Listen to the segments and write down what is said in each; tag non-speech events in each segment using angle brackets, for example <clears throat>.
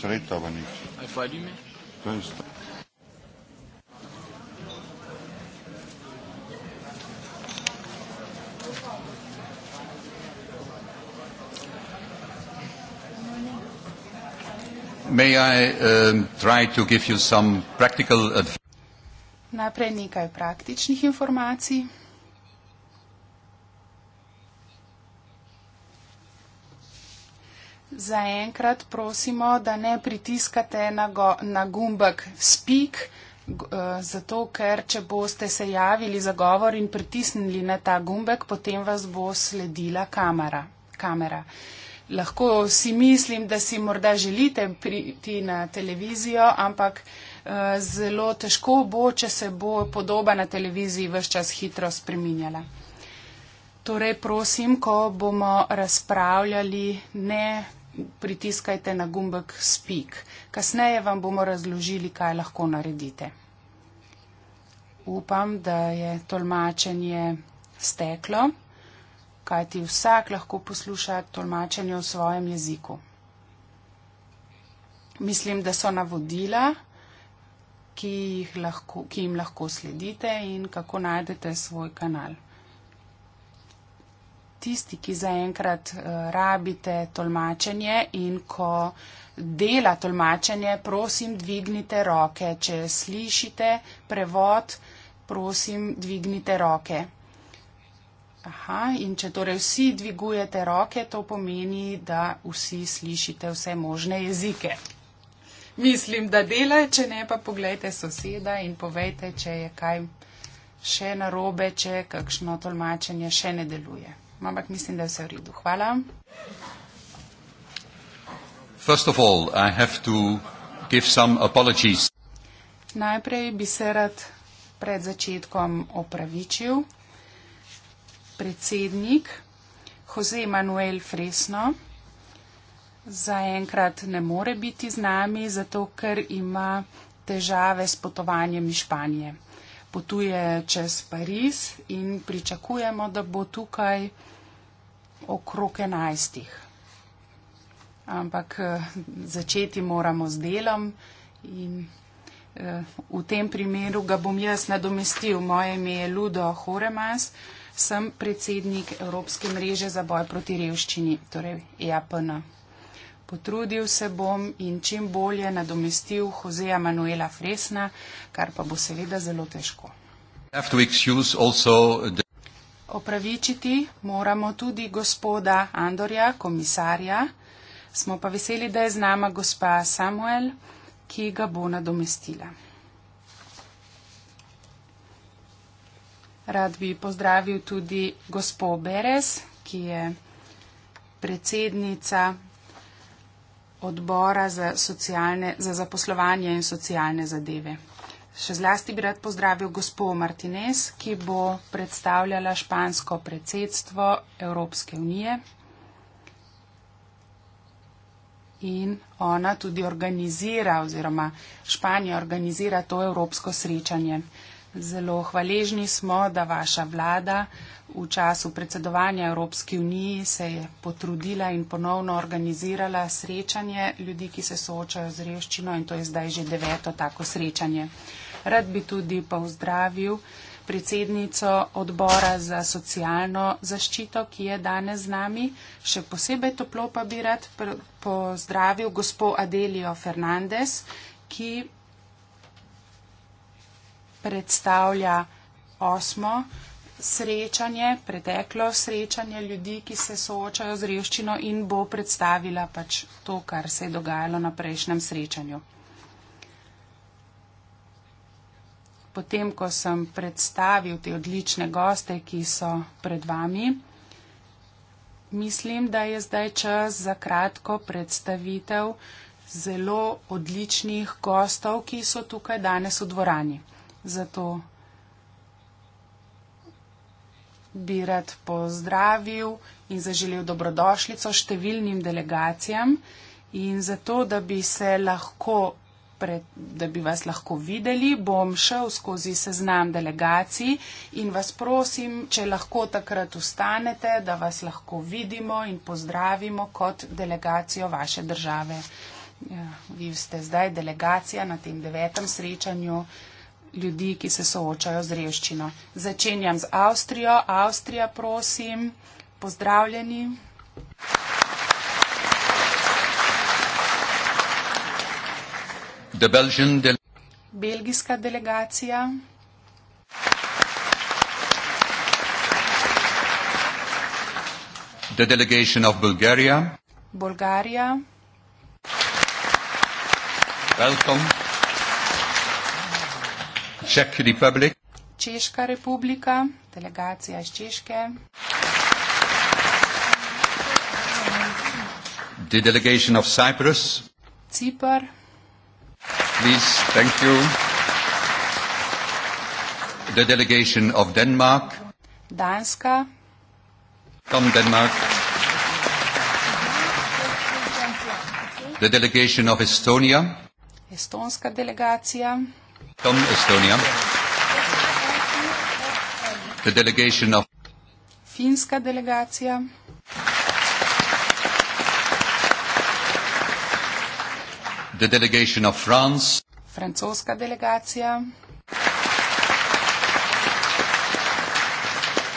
s'arrête avant ah, Il faut allumer. Un instant. May I um, try to give you some practical advice? Najprej nekaj praktičnih informacij. zaenkrat prosimo, da ne pritiskate na, go, na gumbek spik, eh, zato ker, če boste se javili za govor in pritisnili na ta gumbek, potem vas bo sledila kamera. kamera. Lahko si mislim, da si morda želite priti na televizijo, ampak eh, zelo težko bo, če se bo podoba na televiziji vse čas hitro spreminjala. Torej, prosim, ko bomo razpravljali, ne pritiskajte na gumbek Speak. Kasneje vam bomo razložili, kaj lahko naredite. Upam, da je tolmačenje steklo, kajti vsak lahko posluša tolmačenje v svojem jeziku. Mislim, da so navodila, ki, lahko, ki jim lahko sledite in kako najdete svoj kanal tisti, ki zaenkrat uh, rabite tolmačenje in ko dela tolmačenje, prosim, dvignite roke. Če slišite prevod, prosim, dvignite roke. Aha, in če torej vsi dvigujete roke, to pomeni, da vsi slišite vse možne jezike. Mislim, da dela, če ne, pa pogledajte soseda in povejte, če je kaj še narobe, če kakšno tolmačenje še ne deluje ampak mislim, da je vse v redu. Hvala. All, Najprej bi se rad pred začetkom opravičil. Predsednik Jose Manuel Fresno zaenkrat ne more biti z nami, zato ker ima težave s potovanjem iz Španije. Potuje čez Pariz in pričakujemo, da bo tukaj okrog enajstih. Ampak eh, začeti moramo z delom in eh, v tem primeru ga bom jaz nadomestil. Moje ime je Ludo Horemas, sem predsednik Evropske mreže za boj proti revščini, torej EAPN. Potrudil se bom in čim bolje nadomestil Hozeja Manuela Fresna, kar pa bo seveda zelo težko opravičiti moramo tudi gospoda Andorja, komisarja. Smo pa veseli, da je z nama gospa Samuel, ki ga bo nadomestila. Rad bi pozdravil tudi gospo Beres, ki je predsednica odbora za, socialne, za zaposlovanje in socialne zadeve. Še zlasti bi rad pozdravil gospo Martinez, ki bo predstavljala špansko predsedstvo Evropske unije. In ona tudi organizira oziroma Španija organizira to evropsko srečanje. Zelo hvaležni smo, da vaša vlada v času predsedovanja Evropski uniji se je potrudila in ponovno organizirala srečanje ljudi, ki se soočajo z reščino in to je zdaj že deveto tako srečanje. Rad bi tudi pozdravil predsednico odbora za socialno zaščito, ki je danes z nami. Še posebej toplo pa bi rad pozdravil gospo Adelijo Fernandez, ki predstavlja osmo srečanje, preteklo srečanje ljudi, ki se soočajo z revščino in bo predstavila pač to, kar se je dogajalo na prejšnjem srečanju. potem, ko sem predstavil te odlične goste, ki so pred vami, mislim, da je zdaj čas za kratko predstavitev zelo odličnih gostov, ki so tukaj danes v dvorani. Zato bi rad pozdravil in zaželil dobrodošlico številnim delegacijam in zato, da bi se lahko pred, da bi vas lahko videli, bom šel skozi seznam delegacij in vas prosim, če lahko takrat ustanete, da vas lahko vidimo in pozdravimo kot delegacijo vaše države. Ja, vi ste zdaj delegacija na tem devetem srečanju ljudi, ki se soočajo z revščino. Začenjam z Avstrijo. Avstrija, prosim, pozdravljeni. the Belgian de Belgijska delegacija. The delegation of Bulgaria. Bulgarija. Welcome. Czech Republic. Češka republika, delegacija iz Češke. The delegation of Cyprus. Cipar please. Thank you. The delegation of Denmark. Danska. Come Denmark. The delegation of Estonia. Estonska delegacija. Come Estonia. The delegation of Finska delegacija. the delegation of France. Francoska delegacija.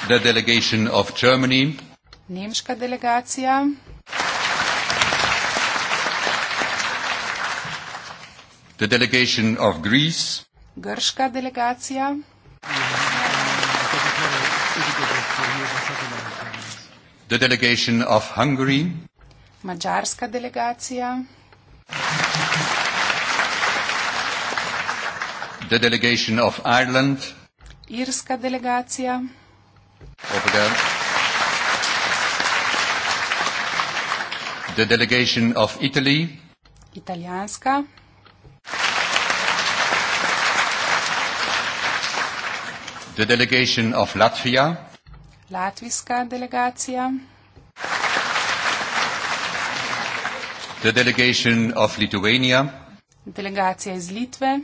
The delegation of Germany. Nemška delegacija. The delegation of Greece. Grška delegacija. The delegation of Hungary. Mađarska delegacija. The delegation of Ireland. Irska delegacija. Over there. The delegation of Italy. Italijanska. The delegation of Latvia. Latvijska delegacija. The delegation of Lithuania. Delegacija iz Litve.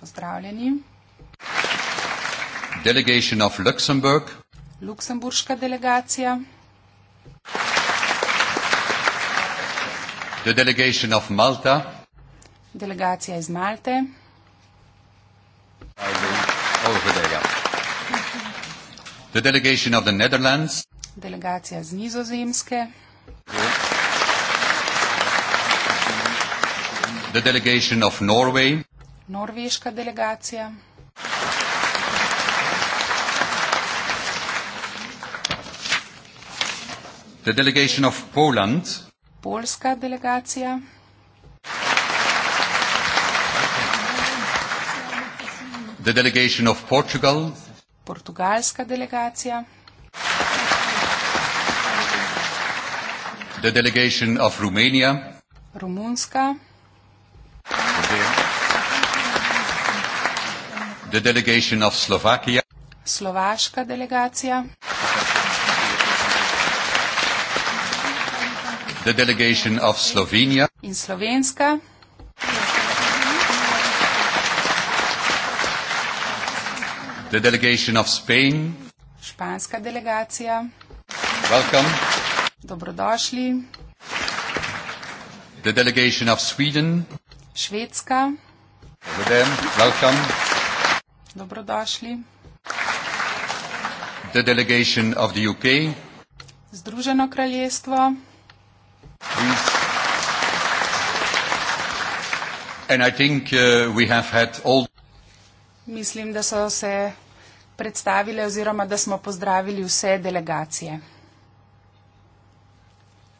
Pozdravljeni. Delegation of Luxembourg. Luksemburška delegacija. The delegation of Malta. Delegacija iz Malte. The delegation of the Netherlands. Delegacija iz Nizozemske. Yeah. the delegation of Norway. Norveška delegacija. The delegation of Poland. Polska delegacija. The delegation of Portugal. Portugalska delegacija. The delegation of Romania. Romunska delegacija. The delegation of Slovakia. Slovaška delegacija. The delegation of Slovenia. In slovenska. The delegation of Spain. Španska delegacija. Welcome. Dobrodošli. The delegation of Sweden. Švedska. Over there. Welcome. Dobrodošli. The delegation of the UK. Združeno kraljestvo. Please. And I think uh, we have had all. Mislim, da so se predstavile oziroma da smo pozdravili vse delegacije.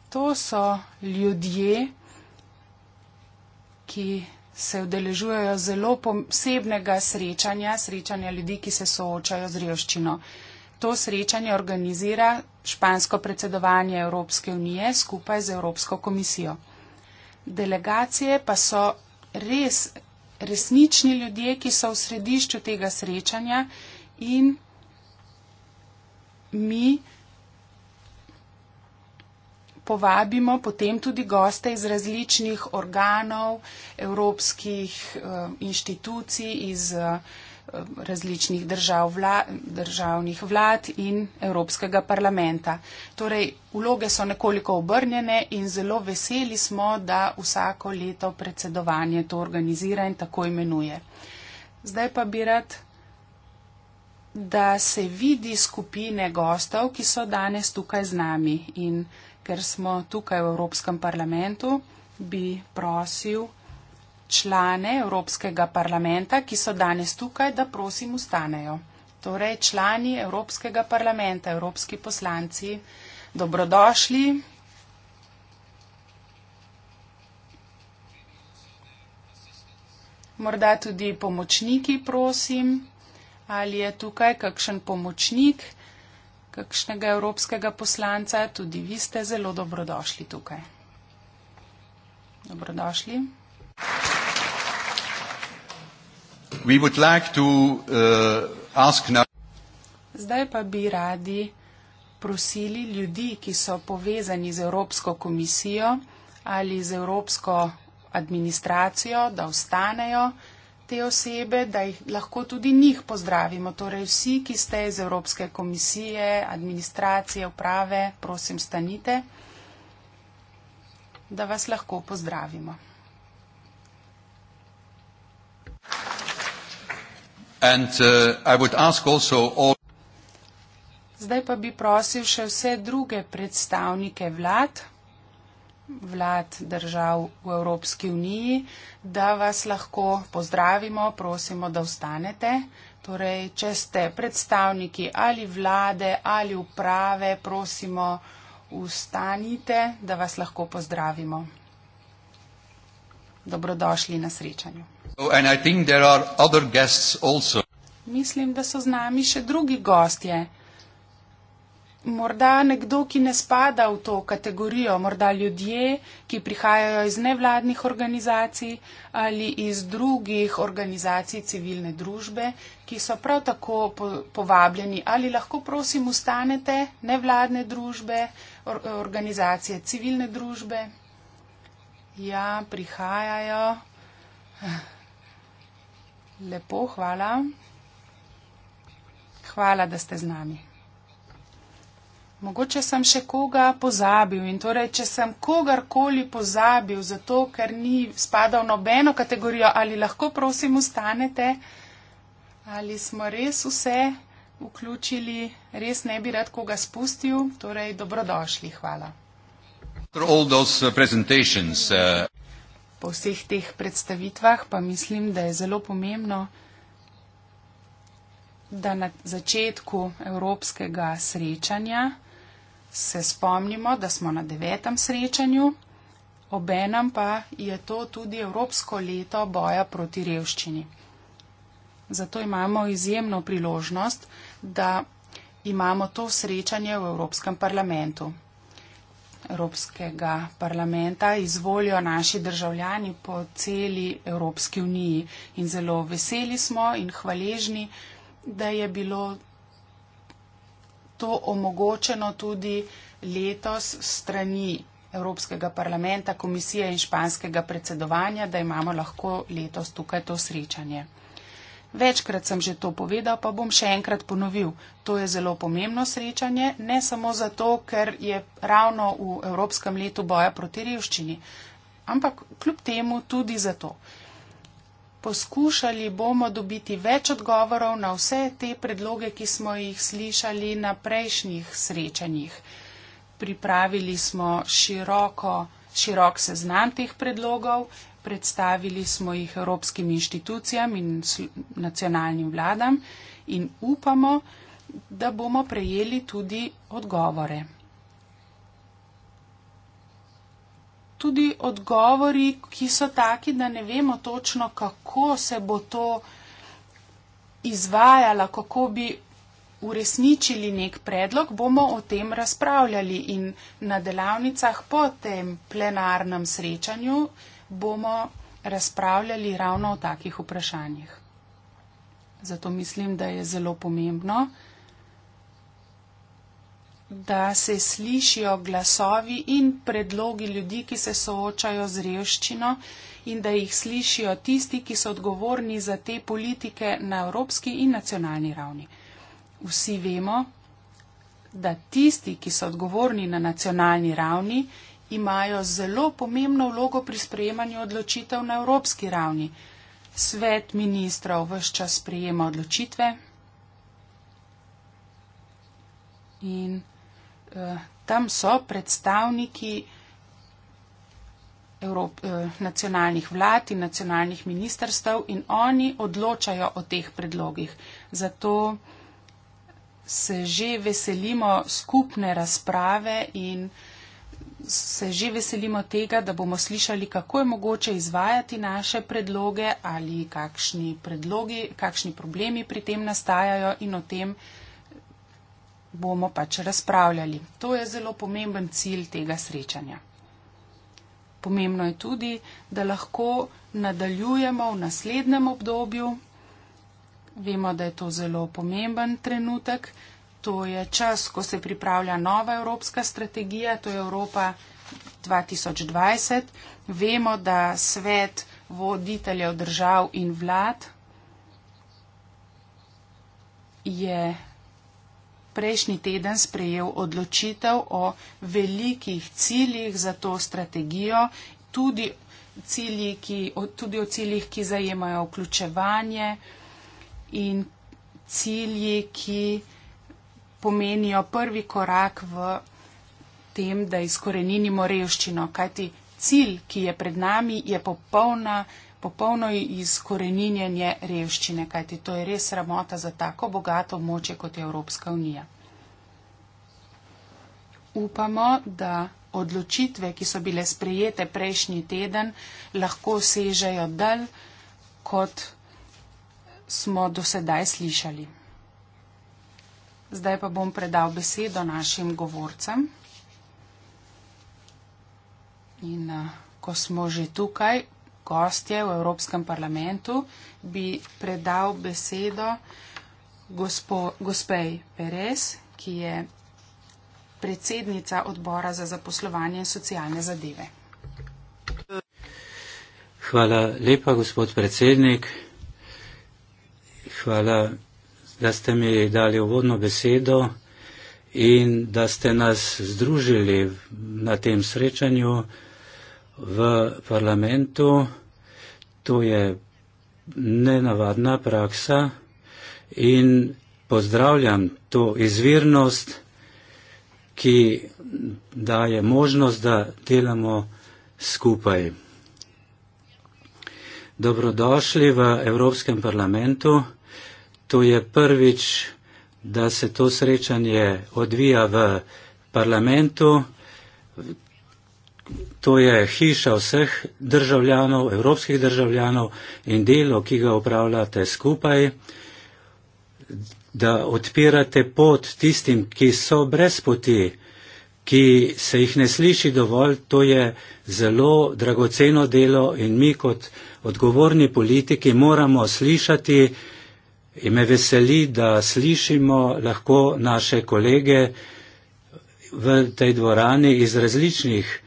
To so ljudje, ki se udeležujejo zelo posebnega srečanja, srečanja ljudi, ki se soočajo z revščino. To srečanje organizira špansko predsedovanje Evropske unije skupaj z Evropsko komisijo. Delegacije pa so res resnični ljudje, ki so v središču tega srečanja in mi, povabimo potem tudi goste iz različnih organov, evropskih eh, inštitucij, iz eh, različnih držav, vla, državnih vlad in Evropskega parlamenta. Torej, uloge so nekoliko obrnjene in zelo veseli smo, da vsako leto predsedovanje to organizira in tako imenuje. Zdaj pa bi rad, da se vidi skupine gostov, ki so danes tukaj z nami in ker smo tukaj v Evropskem parlamentu, bi prosil člane Evropskega parlamenta, ki so danes tukaj, da prosim ustanejo. Torej, člani Evropskega parlamenta, evropski poslanci, dobrodošli. Morda tudi pomočniki, prosim. Ali je tukaj kakšen pomočnik, kakšnega evropskega poslanca, tudi vi ste zelo dobrodošli tukaj. Dobrodošli. Like to, uh, now... Zdaj pa bi radi prosili ljudi, ki so povezani z Evropsko komisijo ali z Evropsko administracijo, da ostanejo te osebe, da jih lahko tudi njih pozdravimo. Torej vsi, ki ste iz Evropske komisije, administracije, uprave, prosim, stanite, da vas lahko pozdravimo. And, uh, all... Zdaj pa bi prosil še vse druge predstavnike vlad vlad držav v Evropski uniji, da vas lahko pozdravimo, prosimo, da ostanete. Torej, če ste predstavniki ali vlade ali uprave, prosimo, ustanite, da vas lahko pozdravimo. Dobrodošli na srečanju. Oh, Mislim, da so z nami še drugi gostje morda nekdo, ki ne spada v to kategorijo, morda ljudje, ki prihajajo iz nevladnih organizacij ali iz drugih organizacij civilne družbe, ki so prav tako povabljeni. Ali lahko prosim ustanete nevladne družbe, or organizacije civilne družbe? Ja, prihajajo. Lepo, hvala. Hvala, da ste z nami mogoče sem še koga pozabil. In torej, če sem kogarkoli pozabil, zato ker ni spadal nobeno kategorijo, ali lahko prosim ustanete, ali smo res vse vključili, res ne bi rad koga spustil, torej dobrodošli, hvala. Uh, uh, po vseh teh predstavitvah pa mislim, da je zelo pomembno, da na začetku evropskega srečanja se spomnimo, da smo na devetem srečanju, obenem pa je to tudi Evropsko leto boja proti revščini. Zato imamo izjemno priložnost, da imamo to srečanje v Evropskem parlamentu. Evropskega parlamenta izvolijo naši državljani po celi Evropski uniji in zelo veseli smo in hvaležni, da je bilo to omogočeno tudi letos strani Evropskega parlamenta, komisije in španskega predsedovanja, da imamo lahko letos tukaj to srečanje. Večkrat sem že to povedal, pa bom še enkrat ponovil. To je zelo pomembno srečanje, ne samo zato, ker je ravno v Evropskem letu boja proti revščini, ampak kljub temu tudi zato. Poskušali bomo dobiti več odgovorov na vse te predloge, ki smo jih slišali na prejšnjih srečanjih. Pripravili smo široko, širok seznam teh predlogov, predstavili smo jih evropskim inštitucijam in nacionalnim vladam in upamo, da bomo prejeli tudi odgovore. tudi odgovori, ki so taki, da ne vemo točno, kako se bo to izvajala, kako bi uresničili nek predlog, bomo o tem razpravljali in na delavnicah po tem plenarnem srečanju bomo razpravljali ravno o takih vprašanjih. Zato mislim, da je zelo pomembno, da se slišijo glasovi in predlogi ljudi, ki se soočajo z revščino in da jih slišijo tisti, ki so odgovorni za te politike na evropski in nacionalni ravni. Vsi vemo, da tisti, ki so odgovorni na nacionalni ravni, imajo zelo pomembno vlogo pri sprejemanju odločitev na evropski ravni. Svet ministrov vse čas sprejema odločitve. In Eh, tam so predstavniki Evrop, eh, nacionalnih vlad in nacionalnih ministerstv in oni odločajo o teh predlogih. Zato se že veselimo skupne razprave in se že veselimo tega, da bomo slišali, kako je mogoče izvajati naše predloge ali kakšni, predlogi, kakšni problemi pri tem nastajajo in o tem bomo pač razpravljali. To je zelo pomemben cilj tega srečanja. Pomembno je tudi, da lahko nadaljujemo v naslednjem obdobju. Vemo, da je to zelo pomemben trenutek. To je čas, ko se pripravlja nova evropska strategija, to je Evropa 2020. Vemo, da svet voditeljev držav in vlad je prejšnji teden sprejel odločitev o velikih ciljih za to strategijo, tudi, cilji, ki, tudi o ciljih, ki zajemajo vključevanje in cilji, ki pomenijo prvi korak v tem, da izkoreninimo revščino. Kajti cilj, ki je pred nami, je popolna popolno izkoreninjenje revščine, kajti to je res sramota za tako bogato moče kot je Evropska unija. Upamo, da odločitve, ki so bile sprejete prejšnji teden, lahko sežejo dal, kot smo do sedaj slišali. Zdaj pa bom predal besedo našim govorcem. In eh, ko smo že tukaj, gostje v Evropskem parlamentu, bi predal besedo gospej Perez, ki je predsednica odbora za zaposlovanje in socialne zadeve. Hvala lepa, gospod predsednik. Hvala, da ste mi dali uvodno besedo in da ste nas združili na tem srečanju v parlamentu. To je nenavadna praksa in pozdravljam to izvirnost, ki daje možnost, da delamo skupaj. Dobrodošli v Evropskem parlamentu. To je prvič, da se to srečanje odvija v parlamentu, To je hiša vseh državljanov, evropskih državljanov in delo, ki ga upravljate skupaj, da odpirate pot tistim, ki so brez poti, ki se jih ne sliši dovolj, to je zelo dragoceno delo in mi kot odgovorni politiki moramo slišati in me veseli, da slišimo lahko naše kolege v tej dvorani iz različnih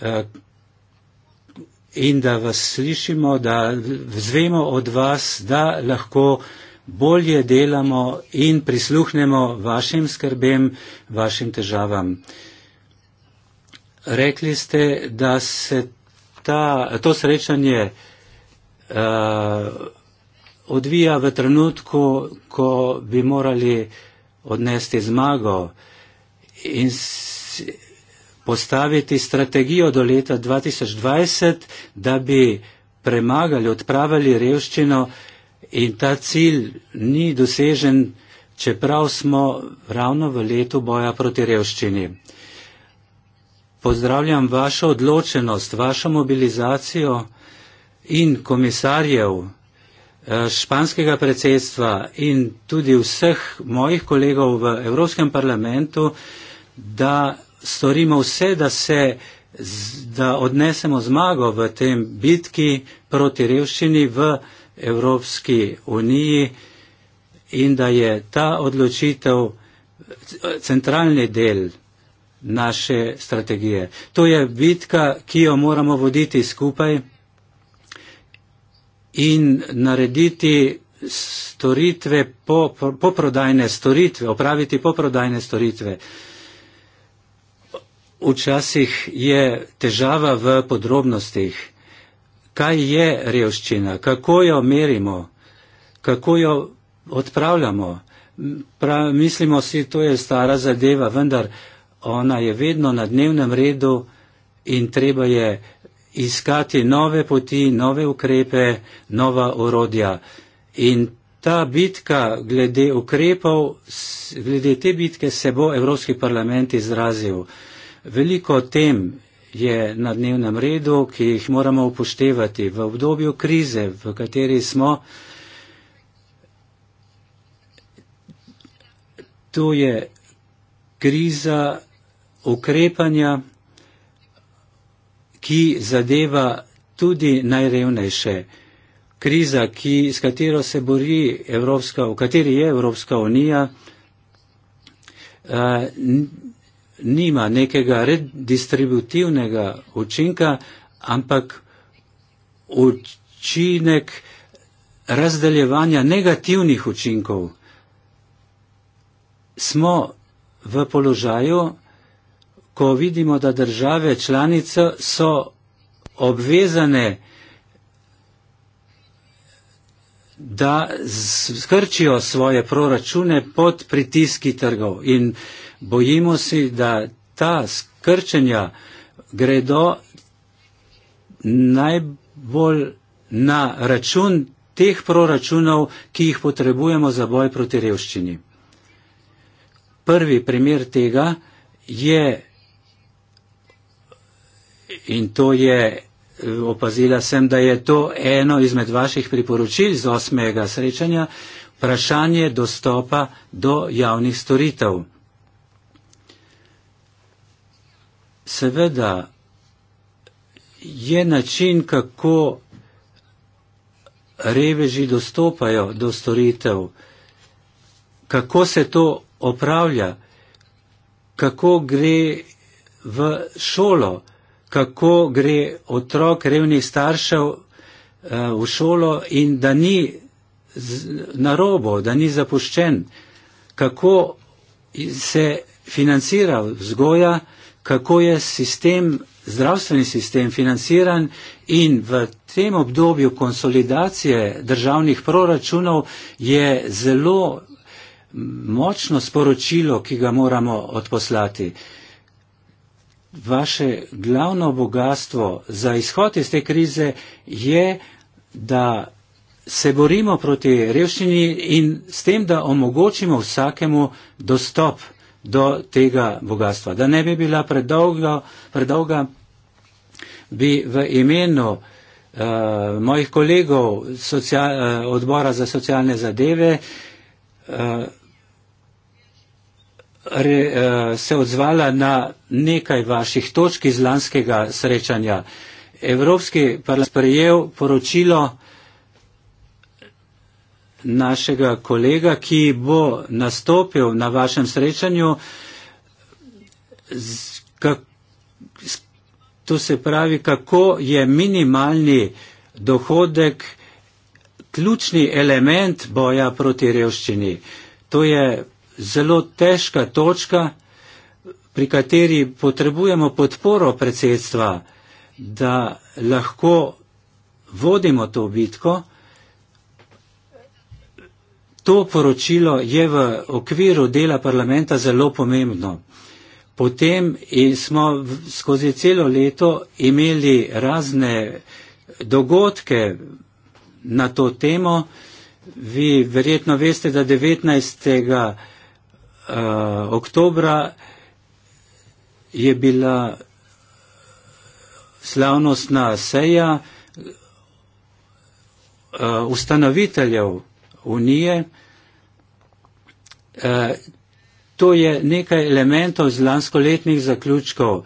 Eh, in da vas slišimo, da vzvemo od vas, da lahko bolje delamo in prisluhnemo vašim skrbem, vašim težavam. Rekli ste, da se ta, to srečanje uh, odvija v trenutku, ko bi morali odnesti zmago in postaviti strategijo do leta 2020, da bi premagali, odpravili revščino in ta cilj ni dosežen, čeprav smo ravno v letu boja proti revščini. Pozdravljam vašo odločenost, vašo mobilizacijo in komisarjev eh, španskega predsedstva in tudi vseh mojih kolegov v Evropskem parlamentu, da storimo vse, da, se, da odnesemo zmago v tem bitki proti revščini v Evropski uniji in da je ta odločitev centralni del naše strategije. To je bitka, ki jo moramo voditi skupaj in narediti storitve, poprodajne po storitve, opraviti poprodajne storitve. Uh, Včasih je težava v podrobnostih, kaj je revščina, kako jo merimo, kako jo odpravljamo. Prav, mislimo si, to je stara zadeva, vendar ona je vedno na dnevnem redu in treba je iskati nove poti, nove ukrepe, nova orodja. In ta bitka glede ukrepov, glede te bitke se bo Evropski parlament izrazil. Veliko tem je na dnevnem redu, ki jih moramo upoštevati v obdobju krize, v kateri smo. Tu je kriza ukrepanja, ki zadeva tudi najrevnejše. Kriza, ki, s katero se bori Evropska, v kateri je Evropska unija, eh, nima nekega redistributivnega učinka, ampak učinek razdeljevanja negativnih učinkov. Smo v položaju, ko vidimo, da države članice so obvezane, da skrčijo svoje proračune pod pritiski trgov in bojimo se, da ta skrčenja gredo najbolj na račun teh proračunov, ki jih potrebujemo za boj proti revščini. Prvi primer tega je in to je opazila sem, da je to eno izmed vaših priporočil z osmega srečanja, vprašanje dostopa do javnih storitev. seveda je način, kako reveži dostopajo do storitev, kako se to opravlja, kako gre v šolo, kako gre otrok revnih staršev eh, v šolo in da ni na robo, da ni zapuščen, kako se financira vzgoja, kako je sistem, zdravstveni sistem financiran in v tem obdobju konsolidacije državnih proračunov je zelo močno sporočilo, ki ga moramo odposlati. Vaše glavno bogatstvo za izhod iz te krize je, da se borimo proti revščini in s tem, da omogočimo vsakemu dostop do tega bogatstva. Da ne bi bila predolga, predolga bi v imenu uh, mojih kolegov socia, uh, odbora za socialne zadeve uh, re, uh, se odzvala na nekaj vaših točk iz lanskega srečanja. Evropski parlament sprejel poročilo uh, našega kolega, ki bo nastopil na vašem srečanju. Z, kak, z, to se pravi, kako je minimalni dohodek ključni element boja proti revščini. To je zelo težka točka, pri kateri potrebujemo podporo predsedstva, da lahko vodimo to bitko to poročilo je v okviru dela parlamenta zelo pomembno. Potem smo skozi celo leto imeli razne dogodke na to temo. Vi verjetno veste, da 19. Eh, oktobra je bila slavnostna seja eh, ustanoviteljev unije. E, to je nekaj elementov z lanskoletnih zaključkov.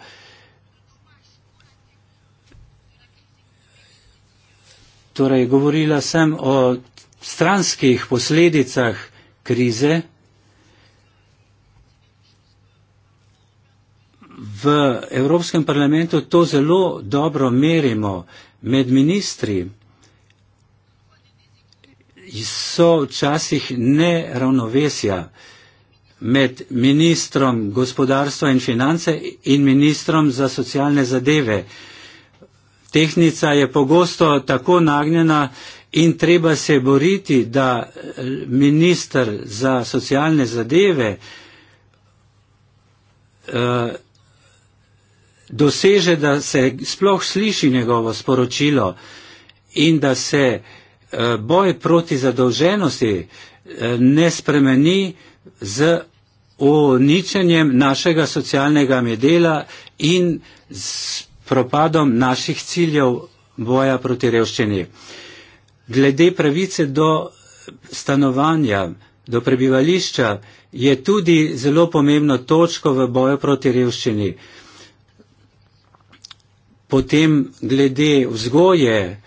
Torej, govorila sem o stranskih posledicah krize. V Evropskem parlamentu to zelo dobro merimo med ministri so včasih neravnovesja med ministrom gospodarstva in finance in ministrom za socialne zadeve. Tehnica je pogosto tako nagnjena in treba se boriti, da eh, ministr za socialne zadeve eh, doseže, da se sploh sliši njegovo sporočilo in da se eh, Eh, boj proti zadolženosti eh, ne spremeni z uničenjem našega socialnega medela in s propadom naših ciljev boja proti revščini. Glede pravice do stanovanja, do prebivališča je tudi zelo pomembno točko v boju proti revščini. Potem glede vzgoje,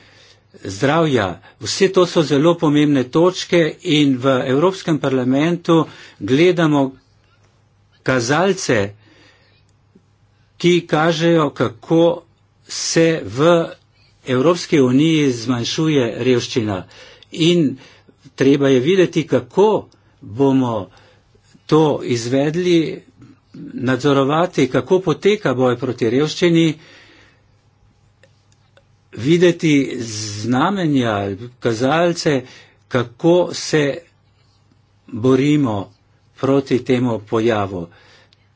zdravja. Vse to so zelo pomembne točke in v Evropskem parlamentu gledamo kazalce, ki kažejo, kako se v Evropske unije zmanjšuje revščina in treba je videti, kako bomo to izvedli, nadzorovati, kako poteka boj proti revščini videti znamenja, kazalce, kako se borimo proti temu pojavu.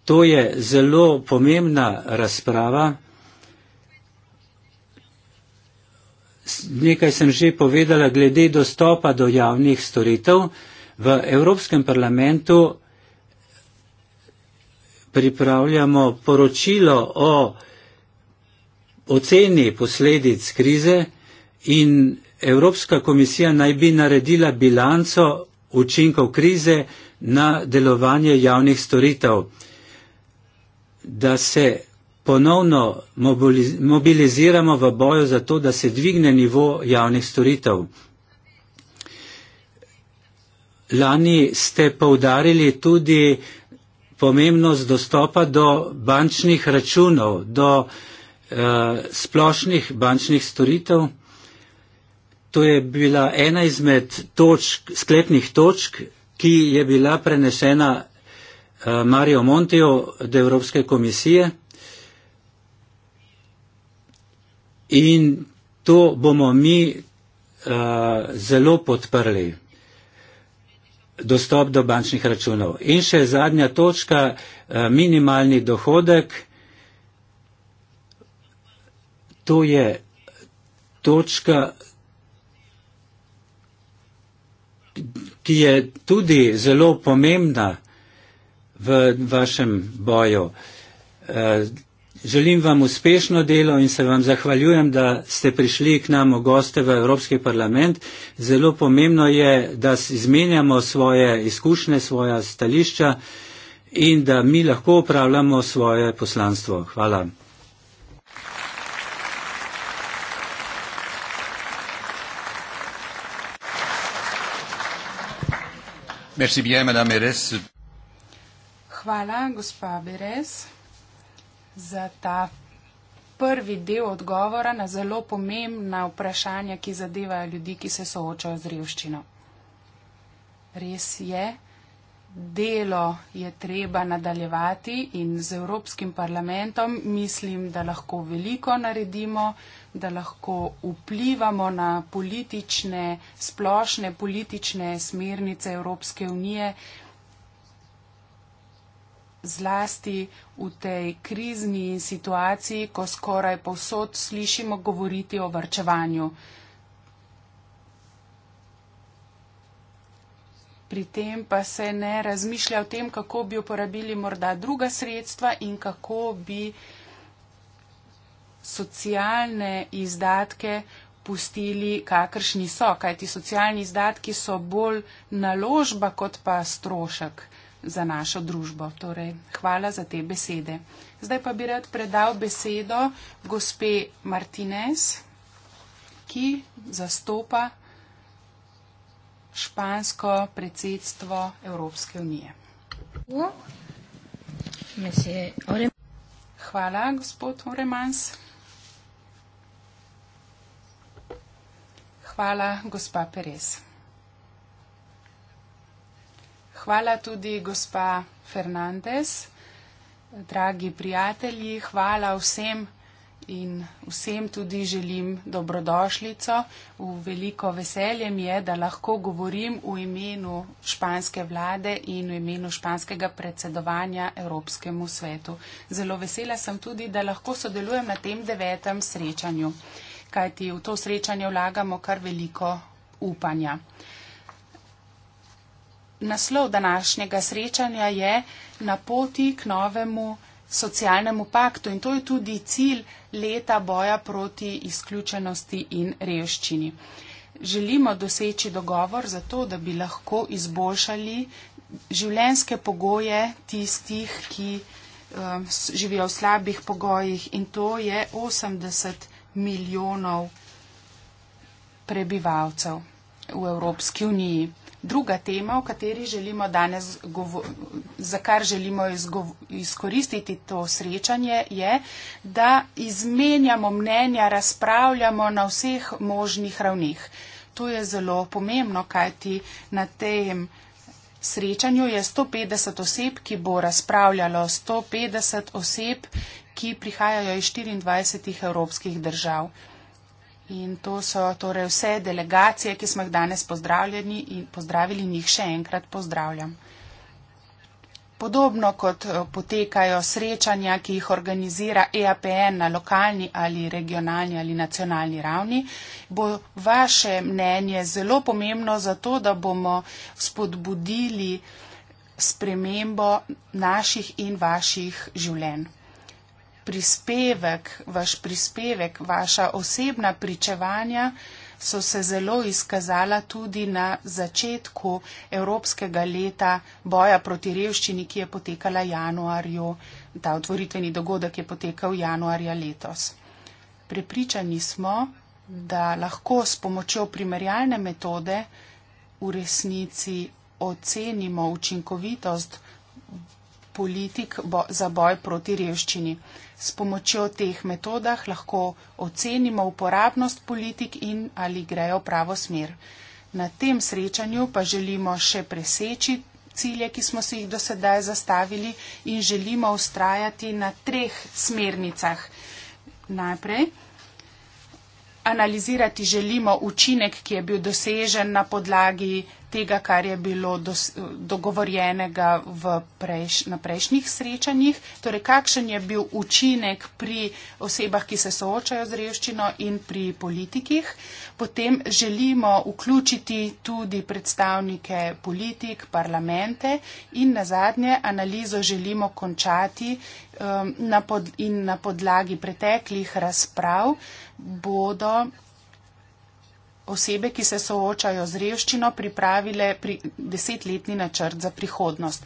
To je zelo pomembna razprava. Nekaj sem že povedala glede dostopa do javnih storitev. V Evropskem parlamentu pripravljamo poročilo o oceni posledic krize in Evropska komisija naj bi naredila bilanco učinkov krize na delovanje javnih storitev, da se ponovno mobiliziramo v boju za to, da se dvigne nivo javnih storitev. Lani ste poudarili tudi pomembnost dostopa do bančnih računov, do Eh, splošnih bančnih storitev. To je bila ena izmed točk, sklepnih točk, ki je bila prenesena eh, Mario Montijo od Evropske komisije. In to bomo mi uh, zelo podprli, dostop do bančnih računov. In še zadnja točka, uh, minimalni dohodek, uh, to je točka, ki je tudi zelo pomembna v vašem boju. Eh, želim vam uspešno delo in se vam zahvaljujem, da ste prišli k nam v goste v Evropski parlament. Zelo pomembno je, da izmenjamo svoje izkušnje, svoja stališča in da mi lahko upravljamo svoje poslanstvo. Hvala. Merci bien, Madame Beres. Hvala, gospa Beres, za ta prvi del odgovora na zelo pomembna vprašanja, ki zadevajo ljudi, ki se soočajo z revščino. Res je, delo je treba nadaljevati in z Evropskim parlamentom mislim, da lahko veliko naredimo, da lahko vplivamo na politične, splošne politične smernice Evropske unije, zlasti v tej krizni situaciji, ko skoraj povsod slišimo govoriti o vrčevanju. Pri tem pa se ne razmišlja o tem, kako bi uporabili morda druga sredstva in kako bi uh, socialne izdatke pustili, kakršni so, kajti socialni izdatki so bolj naložba kot pa strošek za našo družbo. Torej, hvala za te besede. Zdaj pa bi rad predal besedo gospe Martinez, ki zastopa špansko predsedstvo Evropske unije. Hvala, gospod Oremans. hvala, gospa Perez. Hvala tudi, gospa Fernandez. Dragi prijatelji, hvala vsem in vsem tudi želim dobrodošlico. V veliko veselje mi je, da lahko govorim v imenu španske vlade in v imenu španskega predsedovanja Evropskemu svetu. Zelo vesela sem tudi, da lahko sodelujem na tem devetem srečanju kajti v to srečanje vlagamo kar veliko upanja. Naslov današnjega srečanja je na poti k novemu socialnemu paktu in to je tudi cilj leta boja proti izključenosti in revščini. Želimo doseči dogovor za to, da bi lahko izboljšali življenske pogoje tistih, ki eh, živijo v slabih pogojih in to je 80 let milijonov prebivalcev v Evropski uniji. Druga tema, o kateri želimo danes, za kar želimo izkoristiti to srečanje, je, da izmenjamo mnenja, razpravljamo na vseh možnih ravnih. To je zelo pomembno, kajti na tem srečanju je 150 oseb, ki bo razpravljalo 150 oseb ki prihajajo iz 24 evropskih držav. In to so torej vse delegacije, ki smo jih danes pozdravljeni in pozdravili njih še enkrat pozdravljam. Podobno kot eh, potekajo srečanja, ki jih organizira EAPN na lokalni ali regionalni ali nacionalni ravni, bo vaše mnenje zelo pomembno za to, da bomo spodbudili spremembo naših in vaših življenj prispevek, vaš prispevek, vaša osebna pričevanja so se zelo izkazala tudi na začetku Evropskega leta boja proti revščini, ki je potekala januarju, ta otvoritveni dogodek je potekal januarja letos. Prepričani smo, da lahko s pomočjo primerjalne metode v resnici ocenimo učinkovitost, politik bo za boj proti revščini. S pomočjo teh metodah lahko ocenimo uporabnost politik in ali grejo pravo smer. Na tem srečanju pa želimo še preseči cilje, ki smo si jih do sedaj zastavili in želimo ustrajati na treh smernicah. Najprej. Analizirati želimo učinek, ki je bil dosežen na podlagi tega, kar je bilo dos, dogovorjenega prejš, na prejšnjih srečanjih. Torej, kakšen je bil učinek pri osebah, ki se soočajo z revščino in pri politikih. Potem želimo vključiti tudi predstavnike politik, parlamente in na zadnje analizo želimo končati um, na pod, in na podlagi preteklih razprav bodo osebe, ki se soočajo z revščino, pripravile pri desetletni načrt za prihodnost.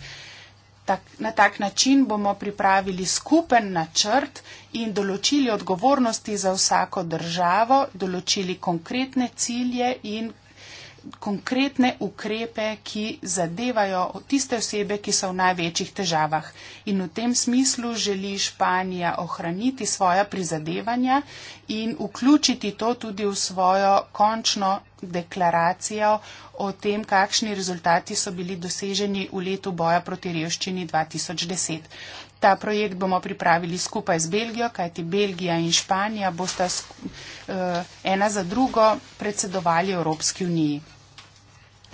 Tak, na tak način bomo pripravili skupen načrt in določili odgovornosti za vsako državo, določili konkretne cilje in konkretne ukrepe, ki zadevajo tiste osebe, ki so v največjih težavah. In v tem smislu želi Španija ohraniti svoja prizadevanja in vključiti to tudi v svojo končno deklaracijo o tem, kakšni rezultati so bili doseženi v letu boja proti revščini 2010. Ta projekt bomo pripravili skupaj z Belgijo, kajti Belgija in Španija bosta eh, ena za drugo predsedovali Evropski uniji.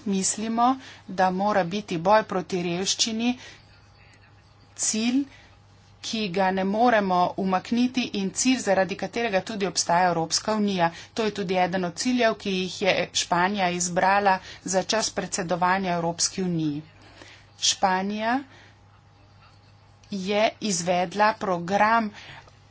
Mislimo, da mora biti boj proti revščini cilj, ki ga ne moremo umakniti in cilj, zaradi katerega tudi obstaja Evropska unija. To je tudi eden od ciljev, ki jih je Španija izbrala za čas predsedovanja Evropski uniji. Španija je izvedla program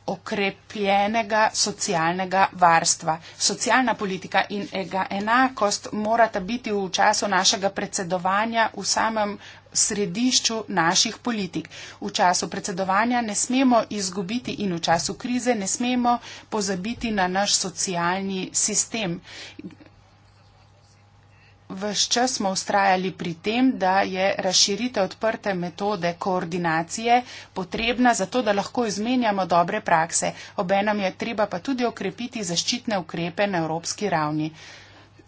okrepljenega socialnega varstva. Socialna politika in enakost morata biti v času našega predsedovanja v samem uh, središču naših politik. V času predsedovanja ne smemo izgubiti in v času krize ne smemo pozabiti na naš socialni sistem. Ves čas smo ustrajali pri tem, da je razširitev odprte metode koordinacije potrebna, zato da lahko izmenjamo dobre prakse. Obenem je treba pa tudi okrepiti zaščitne ukrepe na evropski ravni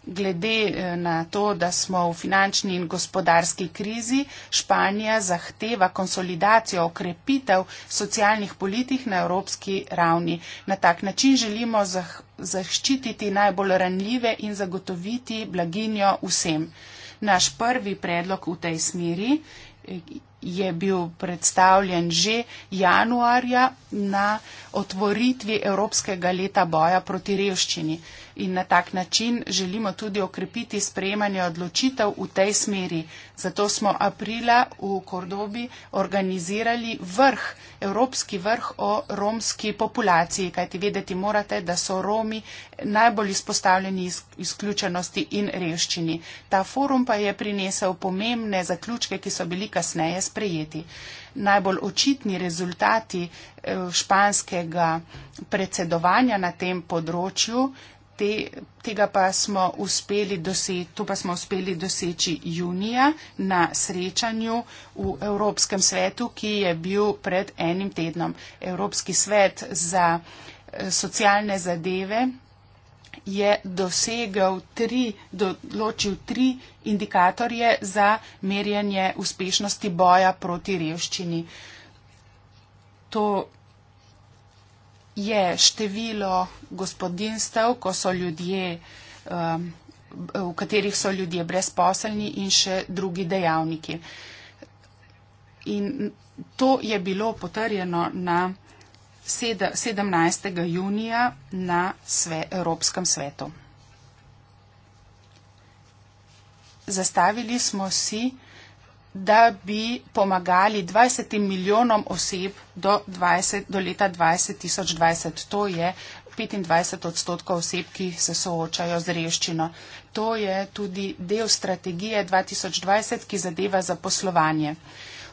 glede eh, na to, da smo v finančni in gospodarski krizi, Španija zahteva konsolidacijo, okrepitev socialnih politik na evropski ravni. Na tak način želimo zah zaščititi najbolj ranljive in zagotoviti blaginjo vsem. Naš prvi predlog v tej smeri eh, je bil predstavljen že januarja na otvoritvi Evropskega leta boja proti revščini in na tak način želimo tudi okrepiti sprejemanje odločitev v tej smeri. Zato smo aprila v Kordobi organizirali vrh, evropski vrh o romski populaciji, kajti vedeti morate, da so Romi najbolj izpostavljeni izključenosti in revščini. Ta forum pa je prinesel pomembne zaključke, ki so bili kasneje sprejeti. Najbolj očitni rezultati eh, španskega predsedovanja na tem področju te, tega pa smo uspeli doseči, to pa smo uspeli doseči junija na srečanju v Evropskem svetu, ki je bil pred enim tednom. Evropski svet za eh, socialne zadeve je dosegel tri, določil tri indikatorje za merjanje uspešnosti boja proti revščini. To je število gospodinstev, ko so ljudje, um, v katerih so ljudje brezposelni in še drugi dejavniki. In to je bilo potrjeno na 17. junija na sve, Evropskem svetu. Zastavili smo si da bi pomagali 20 milijonom oseb do, 20, do leta 2020. To je 25 odstotkov oseb, ki se soočajo z reščino. To je tudi del strategije 2020, ki zadeva zaposlovanje.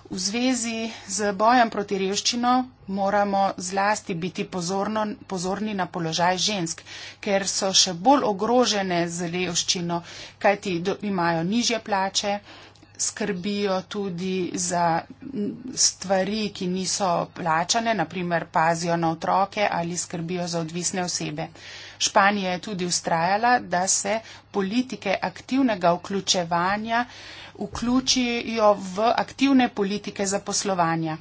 V zvezi z bojem proti reščino moramo zlasti biti pozorno, pozorni na položaj žensk, ker so še bolj ogrožene z reščino, kajti do, imajo nižje plače, skrbijo tudi za stvari, ki niso plačane, naprimer pazijo na otroke ali skrbijo za odvisne osebe. Španija je tudi ustrajala, da se politike aktivnega vključevanja vključijo v aktivne politike zaposlovanja.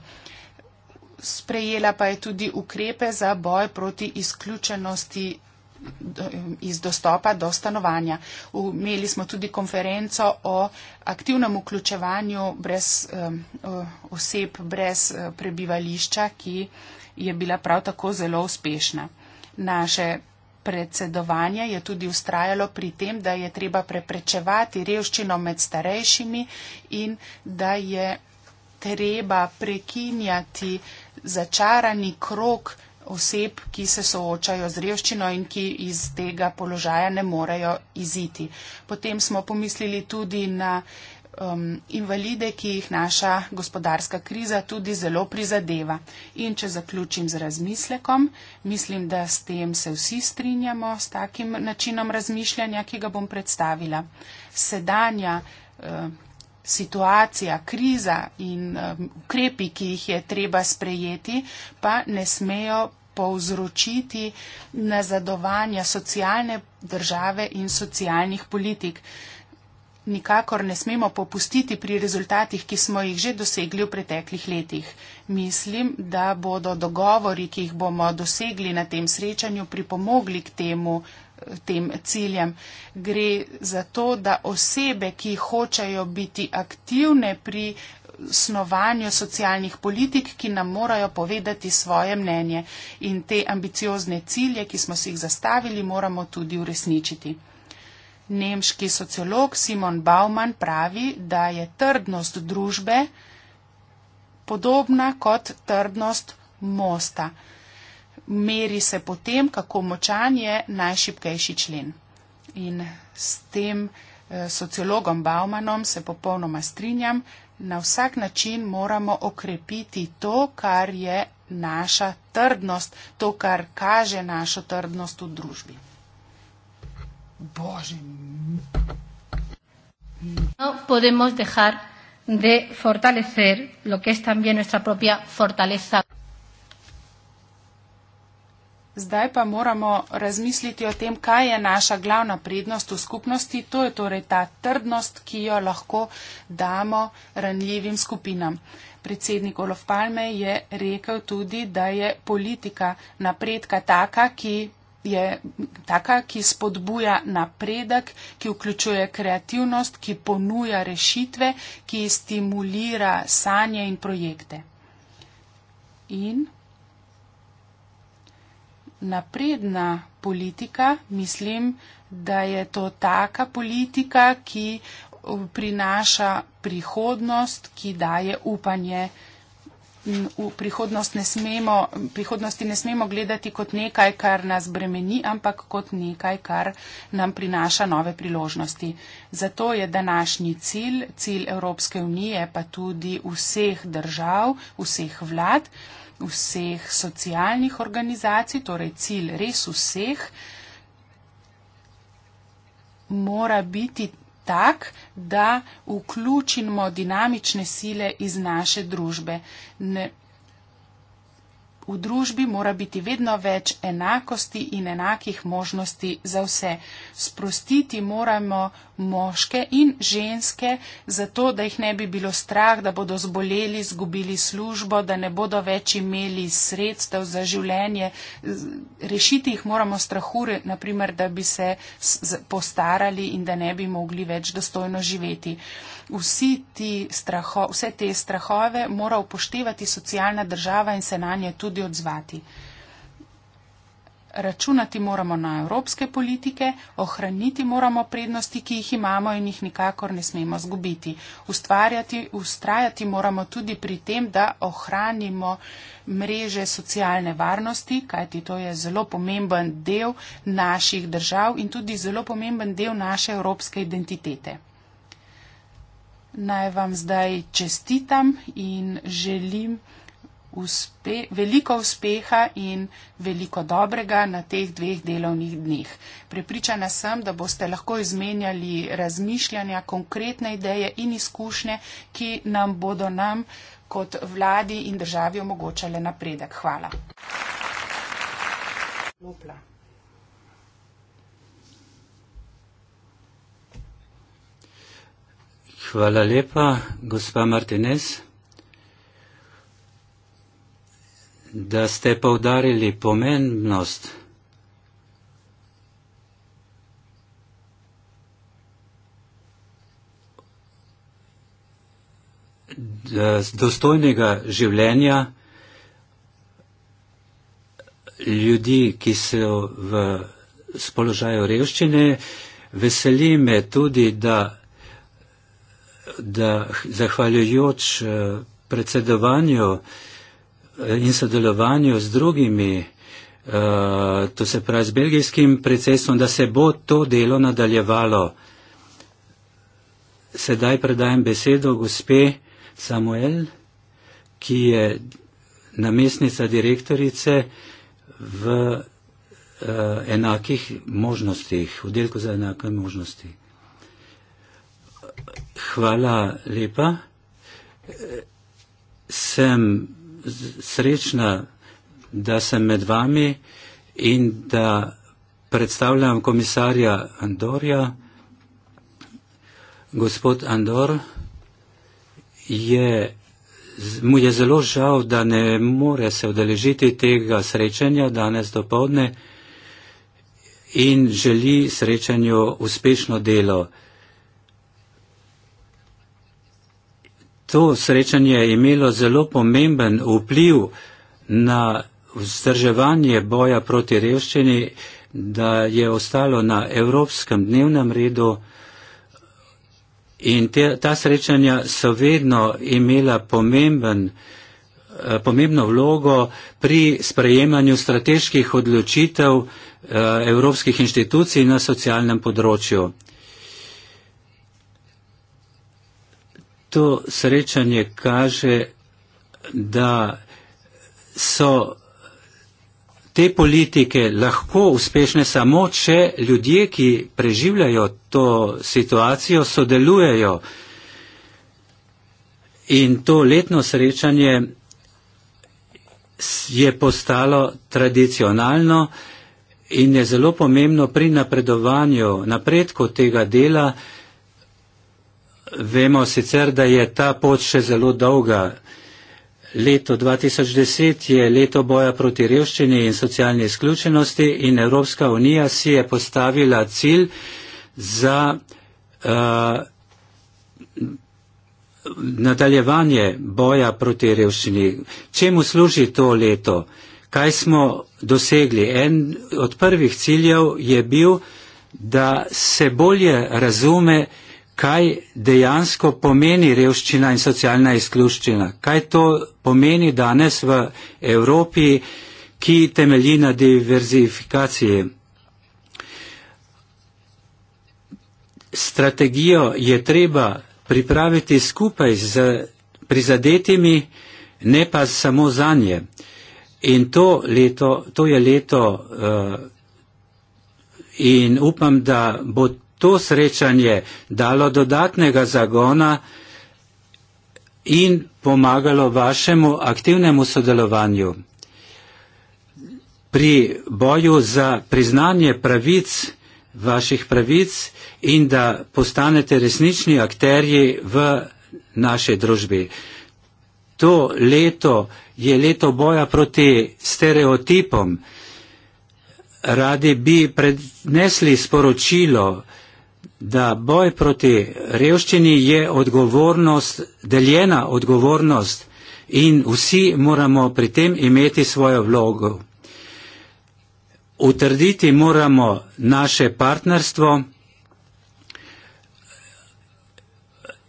Sprejela pa je tudi ukrepe za boj proti izključenosti iz dostopa do stanovanja. Imeli smo tudi konferenco o aktivnem vključevanju brez, oseb brez e, prebivališča, ki je bila prav tako zelo uspešna. Naše predsedovanje je tudi ustrajalo pri tem, da je treba preprečevati revščino med starejšimi in da je treba prekinjati začarani krok oseb, ki se soočajo z revščino in ki iz tega položaja ne morejo iziti. Potem smo pomislili tudi na um, invalide, ki jih naša gospodarska kriza tudi zelo prizadeva. In če zaključim z razmislekom, mislim, da s tem se vsi strinjamo, s takim načinom razmišljanja, ki ga bom predstavila. Sedanja eh, situacija, kriza in um, ukrepi, ki jih je treba sprejeti, pa ne smejo povzročiti nazadovanja socialne države in socialnih politik. Nikakor ne smemo popustiti pri rezultatih, ki smo jih že dosegli v preteklih letih. Mislim, da bodo dogovori, ki jih bomo dosegli na tem srečanju, pripomogli k temu, tem ciljem. Gre za to, da osebe, ki hočejo biti aktivne pri snovanju socialnih politik, ki nam morajo povedati svoje mnenje in te ambiciozne cilje, ki smo si jih zastavili, moramo tudi uresničiti. Nemški sociolog Simon Bauman pravi, da je trdnost družbe podobna kot trdnost mosta meri se potem, kako močan je najšipkejši člen. In s tem eh, sociologom Baumanom se popolnoma strinjam, na vsak način moramo okrepiti to, kar je naša trdnost, to, kar kaže našo trdnost v družbi. Bože. No, podemos dejar de fortalecer lo que es también nuestra propia fortaleza. Zdaj pa moramo razmisliti o tem, kaj je naša glavna prednost v skupnosti. To je torej ta trdnost, ki jo lahko damo ranljivim skupinam. Predsednik Olof Palme je rekel tudi, da je politika napredka taka, ki je taka, ki spodbuja napredek, ki vključuje kreativnost, ki ponuja rešitve, ki stimulira sanje in projekte. In napredna politika. Mislim, da je to taka politika, ki prinaša prihodnost, ki daje upanje. V prihodnost ne smemo, prihodnosti ne smemo gledati kot nekaj, kar nas bremeni, ampak kot nekaj, kar nam prinaša nove priložnosti. Zato je današnji cilj, cilj Evropske unije, pa tudi vseh držav, vseh vlad, vseh socialnih organizacij, torej cilj res vseh, mora biti tak, da vključimo dinamične sile iz naše družbe. Ne, V družbi mora biti vedno več enakosti in enakih možnosti za vse. Sprostiti moramo moške in ženske, zato da jih ne bi bilo strah, da bodo zboleli, zgubili službo, da ne bodo več imeli sredstev za življenje. Rešiti jih moramo strahu, naprimer, da bi se postarali in da ne bi mogli več dostojno živeti. Vsi ti straho, vse te strahove mora upoštevati socialna država in se na nje tudi tudi odzvati. Računati moramo na evropske politike, ohraniti moramo prednosti, ki jih imamo in jih nikakor ne smemo zgubiti. Ustvarjati, ustrajati moramo tudi pri tem, da ohranimo mreže socialne varnosti, kajti to je zelo pomemben del naših držav in tudi zelo pomemben del naše evropske identitete. Naj vam zdaj čestitam in želim uspe, veliko uspeha in veliko dobrega na teh dveh delovnih dneh. Prepričana sem, da boste lahko izmenjali razmišljanja, konkretne ideje in izkušnje, ki nam bodo nam kot vladi in državi omogočale napredek. Hvala. Lopla. Hvala lepa, gospa Martinez. da ste povdarili pomembnost dostojnega življenja ljudi, ki so v spoložaju revščine. Veseli me tudi, da, da zahvaljujoč eh, predsedovanju uh, Eh, in sodelovanju z drugimi, eh, to se pravi z belgijskim predsedstvom, da se bo to delo nadaljevalo. Sedaj predajem besedo gospe Samuel, ki je namestnica direktorice v uh, enakih možnostih, v delku za enake možnosti. Hvala lepa. Sem srečna, da sem med vami in da predstavljam komisarja Andorja. Gospod Andor, je, mu je zelo žal, da ne more se odeležiti tega srečanja danes do povdne in želi srečanju uspešno delo. to srečanje imelo zelo pomemben vpliv na vzdrževanje boja proti revščini, da je ostalo na evropskem dnevnem redu in te, ta srečanja so vedno imela pomemben, eh, pomembno vlogo pri sprejemanju strateških odločitev eh, evropskih inštitucij na socialnem področju. to srečanje kaže, da so te politike lahko uspešne samo, če ljudje, ki preživljajo to situacijo, sodelujejo. In to letno srečanje je postalo tradicionalno in je zelo pomembno pri napredovanju, napredku tega dela, Vemo sicer, da je ta pot še zelo dolga. Leto 2010 je leto boja proti revščini in socialni izključenosti in Evropska unija si je postavila cilj za uh, nadaljevanje boja proti revščini. Čemu služi to leto? Kaj smo dosegli? En od prvih ciljev je bil, da se bolje razume, kaj dejansko pomeni revščina in socialna izkluščina, kaj to pomeni danes v Evropi, ki temelji na diverzifikaciji. Strategijo je treba pripraviti skupaj z prizadetimi, ne pa samo za nje. In to, leto, to je leto uh, in upam, da bo to srečanje dalo dodatnega zagona in pomagalo vašemu aktivnemu sodelovanju pri boju za priznanje pravic, vaših pravic in da postanete resnični akterji v naši družbi. To leto je leto boja proti stereotipom. Radi bi prenesli sporočilo, da boj proti revščini je odgovornost, deljena odgovornost in vsi moramo pri tem imeti svojo vlogo. Utrditi moramo naše partnerstvo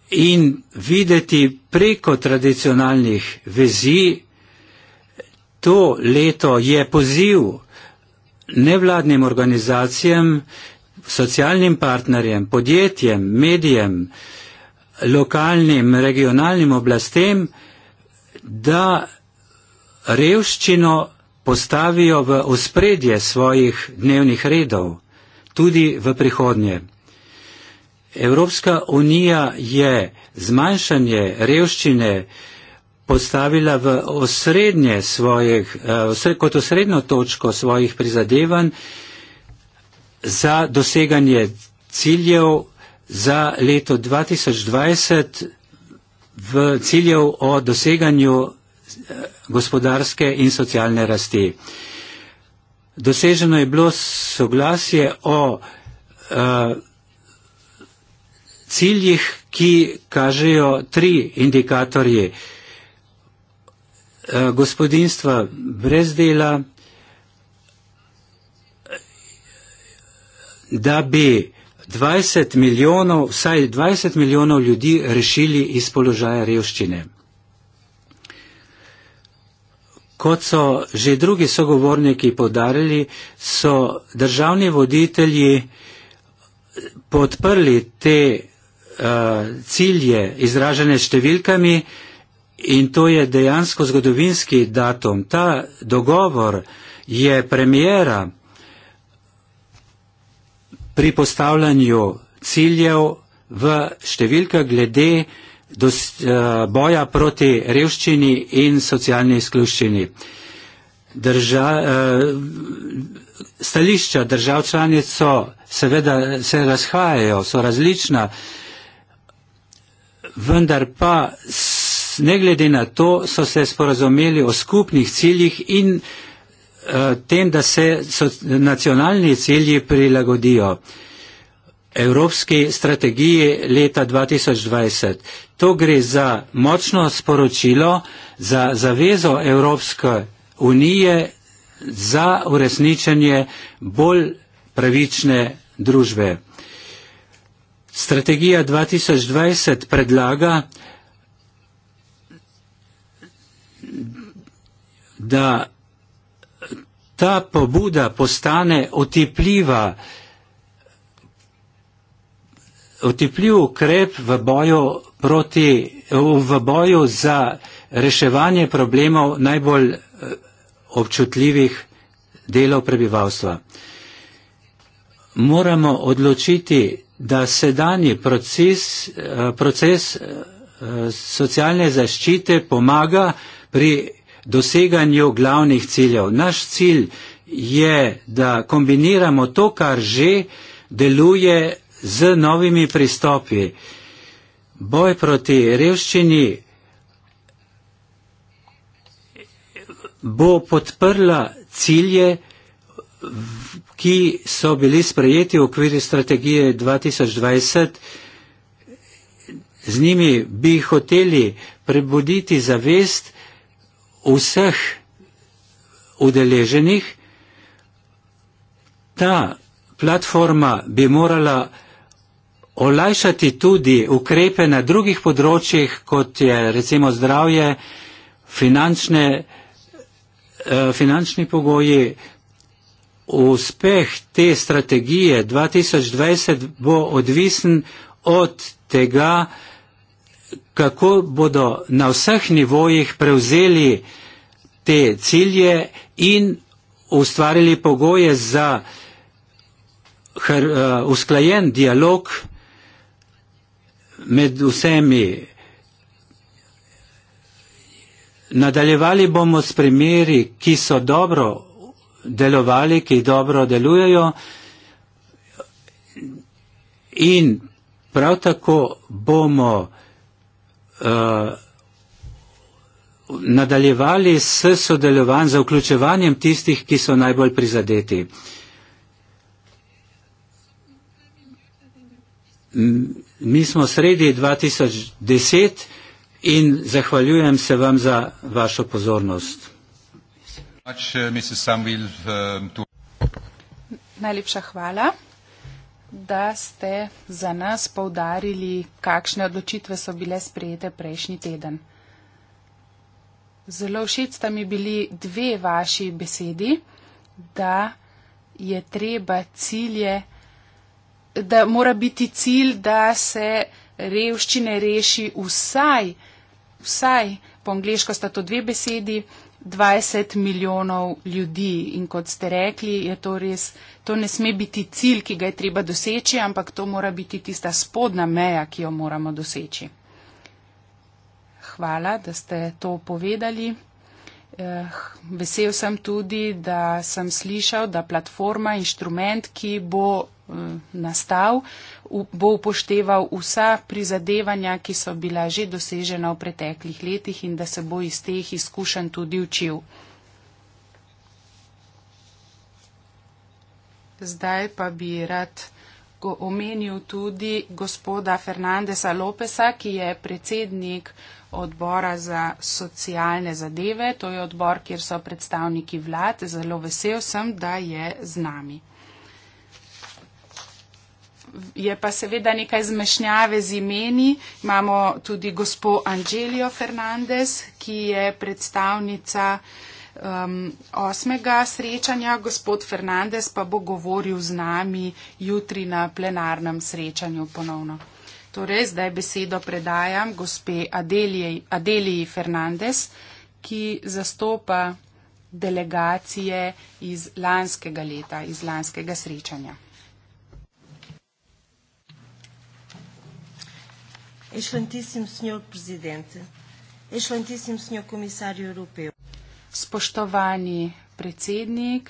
in videti preko tradicionalnih vezi. To leto je poziv nevladnim organizacijam, socialnim partnerjem, podjetjem, medijem, lokalnim, regionalnim oblastem, da revščino postavijo v ospredje svojih dnevnih redov tudi v prihodnje. Evropska unija je zmanjšanje revščine postavila v osrednje svojih, eh, kot osrednjo točko svojih prizadevanj za doseganje ciljev za leto 2020, v ciljev o doseganju eh, gospodarske in socialne rasti. Doseženo je bilo soglasje o uh, ciljih, ki kažejo tri indikatorje. Uh, gospodinstva brez dela, da bi 20 milijonov, vsaj 20 milijonov ljudi rešili iz položaja revščine. Kot so že drugi sogovorniki podarili, so državni voditelji podprli te uh, cilje izražene številkami in to je dejansko zgodovinski datum. Ta dogovor je premjera pri postavljanju ciljev v številka glede do, uh, eh, boja proti revščini in socialni izkluščini. Drža, uh, stališča držav članic so seveda se razhajajo, so različna, vendar pa ne glede na to so se sporazumeli o skupnih ciljih in Eh, tem, da se nacionalni cilji prilagodijo Evropski strategiji leta 2020. To gre za močno sporočilo, za zavezo Evropske unije za uresničenje bolj pravične družbe. Strategija 2020 predlaga, da ta pobuda postane otepljiva, otepljiv ukrep v boju, proti, v boju za reševanje problemov najbolj eh, občutljivih delov prebivalstva. Moramo odločiti, da sedanji proces, eh, proces eh, socialne zaščite pomaga pri doseganju glavnih ciljev. Naš cilj je, da kombiniramo to, kar že deluje z novimi pristopi. Boj proti revščini bo podprla cilje, ki so bili sprejeti v okviru strategije 2020. Z njimi bi hoteli prebuditi zavest, vseh udeleženih, ta platforma bi morala olajšati tudi ukrepe na drugih področjih, kot je recimo zdravje, finančne, eh, finančni pogoji. Uspeh te strategije 2020 bo odvisen od tega, kako bodo na vseh nivojih prevzeli te cilje in ustvarili pogoje za eh, usklajen dialog med vsemi. Nadaljevali bomo s primeri, ki so dobro delovali, ki dobro delujejo in prav tako bomo Eh, nadaljevali s sodelovanjem, za vključevanjem tistih, ki so najbolj prizadeti. Mi smo sredi 2010 in zahvaljujem se vam za vašo pozornost. Eh, eh, Najlepša hvala da ste za nas povdarili, kakšne odločitve so bile sprejete prejšnji teden. Zelo všeč sta mi bili dve vaši besedi, da je treba cilje, da mora biti cilj, da se revščine reši vsaj, vsaj, po angliško sta to dve besedi, 20 milijonov ljudi in kot ste rekli, je to res, to ne sme biti cilj, ki ga je treba doseči, ampak to mora biti tista spodna meja, ki jo moramo doseči. Hvala, da ste to povedali. Eh, vesel sem tudi, da sem slišal, da platforma, inštrument, ki bo Eh, nastal, bo upošteval vsa prizadevanja, ki so bila že dosežena v preteklih letih in da se bo iz teh izkušenj tudi učil. Zdaj pa bi rad omenil tudi gospoda Fernandesa Lopesa, ki je predsednik odbora za socialne zadeve. To je odbor, kjer so predstavniki vlad. Zelo vesel sem, da je z nami je pa seveda nekaj zmešnjave z imeni. Imamo tudi gospo Angelijo Fernandez, ki je predstavnica um, osmega srečanja. Gospod Fernandez pa bo govoril z nami jutri na plenarnem srečanju ponovno. Torej, zdaj besedo predajam gospe Adeliji, Adeliji Fernandez, ki zastopa delegacije iz lanskega leta, iz lanskega srečanja. Excelentíssimo Senhor Presidente, Excelentíssimo Senhor Comissário Europeu. Spoštovani predsednik,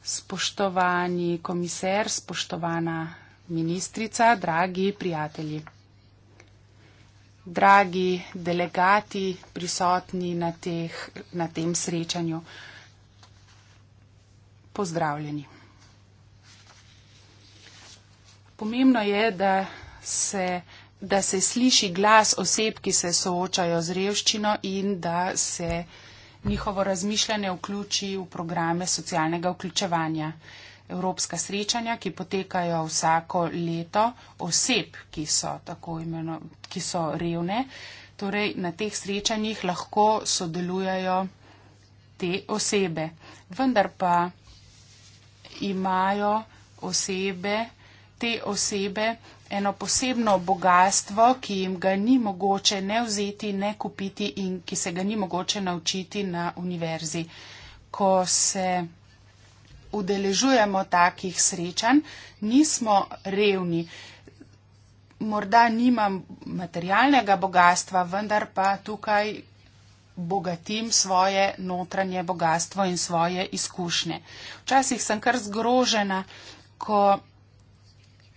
spoštovani komisar, spoštovana ministrica, dragi prijatelji, dragi delegati prisotni na, teh, na tem srečanju, pozdravljeni. Pomembno je, da se da se sliši glas oseb, ki se soočajo z revščino in da se njihovo razmišljanje vključi v programe socialnega vključevanja. Evropska srečanja, ki potekajo vsako leto oseb, ki so, imeno, ki so revne, torej na teh srečanjih lahko sodelujajo te osebe. Vendar pa imajo osebe, te osebe eno posebno bogatstvo, ki jim ga ni mogoče ne vzeti, ne kupiti in ki se ga ni mogoče naučiti na univerzi. Ko se udeležujemo takih srečanj, nismo revni. Morda nimam materialnega bogatstva, vendar pa tukaj bogatim svoje notranje bogatstvo in svoje izkušnje. Včasih sem kar zgrožena, ko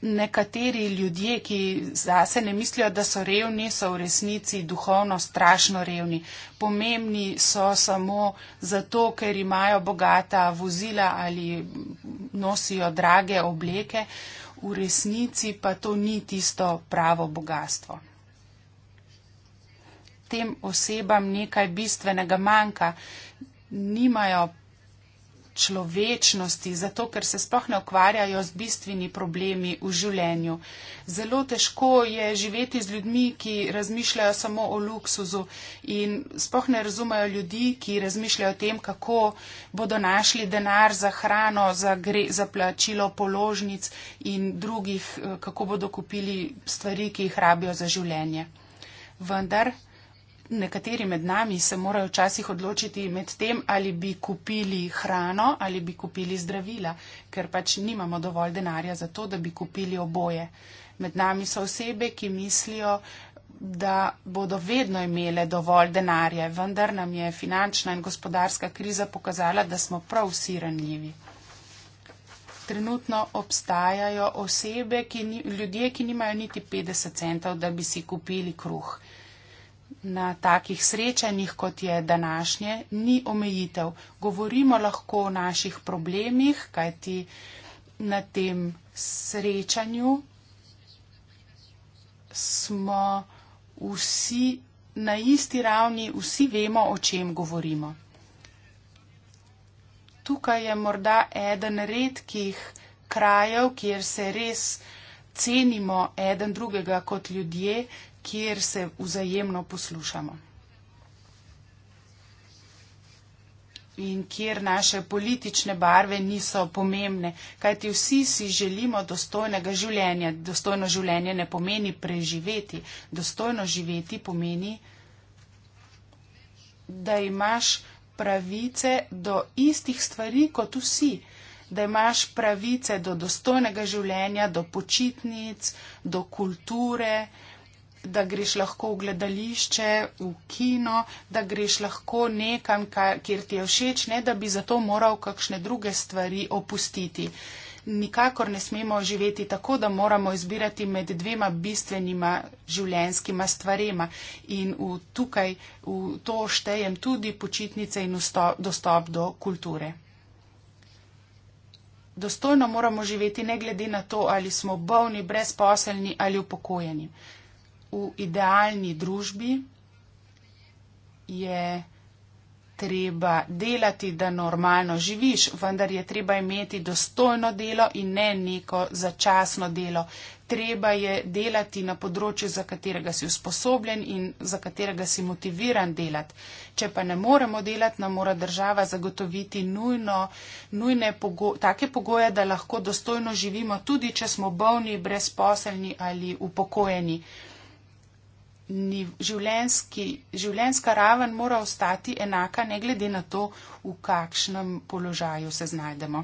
nekateri ljudje, ki zase ne mislijo, da so revni, so v resnici duhovno strašno revni. Pomembni so samo zato, ker imajo bogata vozila ali nosijo drage obleke, v resnici pa to ni tisto pravo bogatstvo. Tem osebam nekaj bistvenega manjka. Nimajo človečnosti, zato ker se sploh ne ukvarjajo z bistvini problemi v življenju. Zelo težko je živeti z ljudmi, ki razmišljajo samo o luksuzu in sploh ne razumejo ljudi, ki razmišljajo o tem, kako bodo našli denar za hrano, za, gre, za plačilo položnic in drugih, eh, kako bodo kupili stvari, ki jih rabijo za življenje. Vendar, nekateri med nami se morajo včasih odločiti med tem, ali bi kupili hrano ali bi kupili zdravila, ker pač nimamo dovolj denarja za to, da bi kupili oboje. Med nami so osebe, ki mislijo, da bodo vedno imele dovolj denarja, vendar nam je finančna in gospodarska kriza pokazala, da smo prav vsi ranljivi. Trenutno obstajajo osebe, ki ni, ljudje, ki nimajo niti 50 centov, da bi si kupili kruh na takih srečanjih, kot je današnje, ni omejitev. Govorimo lahko o naših problemih, kajti na tem srečanju smo vsi na isti ravni, vsi vemo, o čem govorimo. Tukaj je morda eden redkih krajev, kjer se res cenimo eden drugega kot ljudje, kjer se vzajemno poslušamo. In kjer naše politične barve niso pomembne, kajti vsi si želimo dostojnega življenja. Dostojno življenje ne pomeni preživeti. Dostojno živeti pomeni, da imaš pravice do istih stvari kot vsi. Da imaš pravice do dostojnega življenja, do počitnic, do kulture, da greš lahko v gledališče, v kino, da greš lahko nekam, kjer ti je všeč, ne da bi zato moral kakšne druge stvari opustiti. Nikakor ne smemo živeti tako, da moramo izbirati med dvema bistvenima življenskima stvarema in v tukaj v to štejem tudi počitnice in vstop, dostop do kulture. Dostojno moramo živeti ne glede na to, ali smo bolni, brezposelni ali upokojeni v idealni družbi je treba delati, da normalno živiš, vendar je treba imeti dostojno delo in ne neko začasno delo. Treba je delati na področju, za katerega si usposobljen in za katerega si motiviran delati. Če pa ne moremo delati, nam mora država zagotoviti nujno, nujne pogo take pogoje, da lahko dostojno živimo, tudi če smo bolni, brezposelni ali upokojeni življenjska raven mora ostati enaka, ne glede na to, v kakšnem položaju se znajdemo.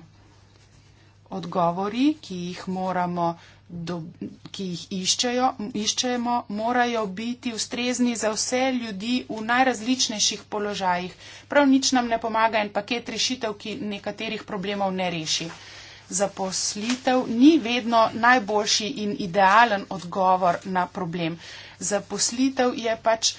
Odgovori, ki jih, moramo, do, ki jih iščejo, iščemo, morajo biti ustrezni za vse ljudi v najrazličnejših položajih. Prav nič nam ne pomaga en paket rešitev, ki nekaterih problemov ne reši. Zaposlitev ni vedno najboljši in idealen odgovor na problem. Zaposlitev je pač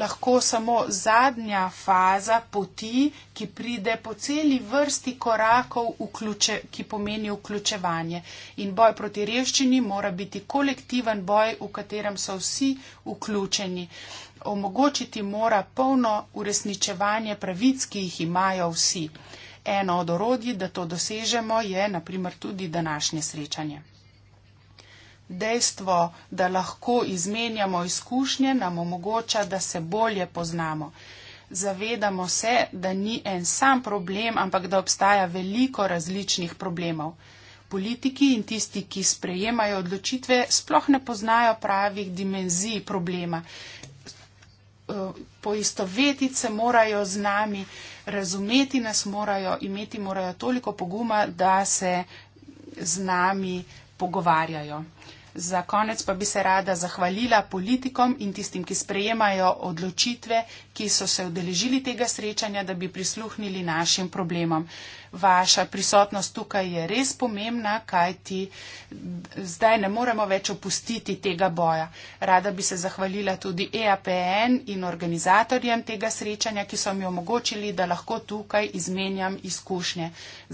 lahko samo zadnja faza poti, ki pride po celi vrsti korakov, vključe, ki pomeni vključevanje. In boj proti revščini mora biti kolektiven boj, v katerem so vsi vključeni. Omogočiti mora polno uresničevanje pravic, ki jih imajo vsi. Eno od orodij, da to dosežemo, je naprimer tudi današnje srečanje. Dejstvo, da lahko izmenjamo izkušnje, nam omogoča, da se bolje poznamo. Zavedamo se, da ni en sam problem, ampak da obstaja veliko različnih problemov. Politiki in tisti, ki sprejemajo odločitve, sploh ne poznajo pravih dimenzij problema. Poistovetiti se morajo z nami, razumeti nas morajo, imeti morajo toliko poguma, da se z nami pogovarjajo. Za konec pa bi se rada zahvalila politikom in tistim, ki sprejemajo odločitve, ki so se odeležili tega srečanja, da bi prisluhnili našim problemom. Vaša prisotnost tukaj je res pomembna, kajti zdaj ne moremo več opustiti tega boja. Rada bi se zahvalila tudi EAPN in organizatorjem tega srečanja, ki so mi omogočili, da lahko tukaj izmenjam izkušnje.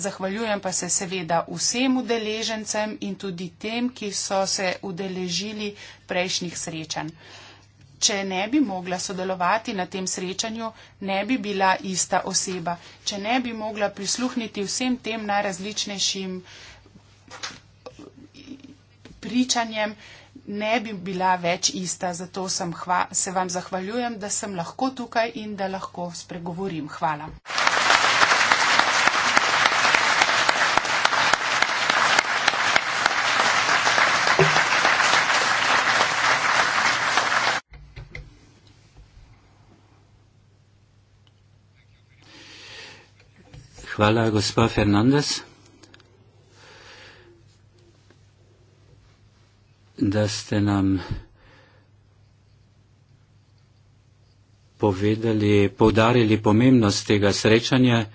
Zahvaljujem pa se seveda vsem udeležencem in tudi tem, ki so se udeležili prejšnjih srečanj če ne bi mogla sodelovati na tem srečanju, ne bi bila ista oseba, če ne bi mogla prisluhniti vsem tem najrazličnejšim eh, pričanjem, ne bi bila več ista. Zato hva, se vam zahvaljujem, da sem lahko tukaj in da lahko spregovorim. Hvala. Hvala, gospa Fernandez. Da ste nam povedali, povdarili pomembnost tega srečanja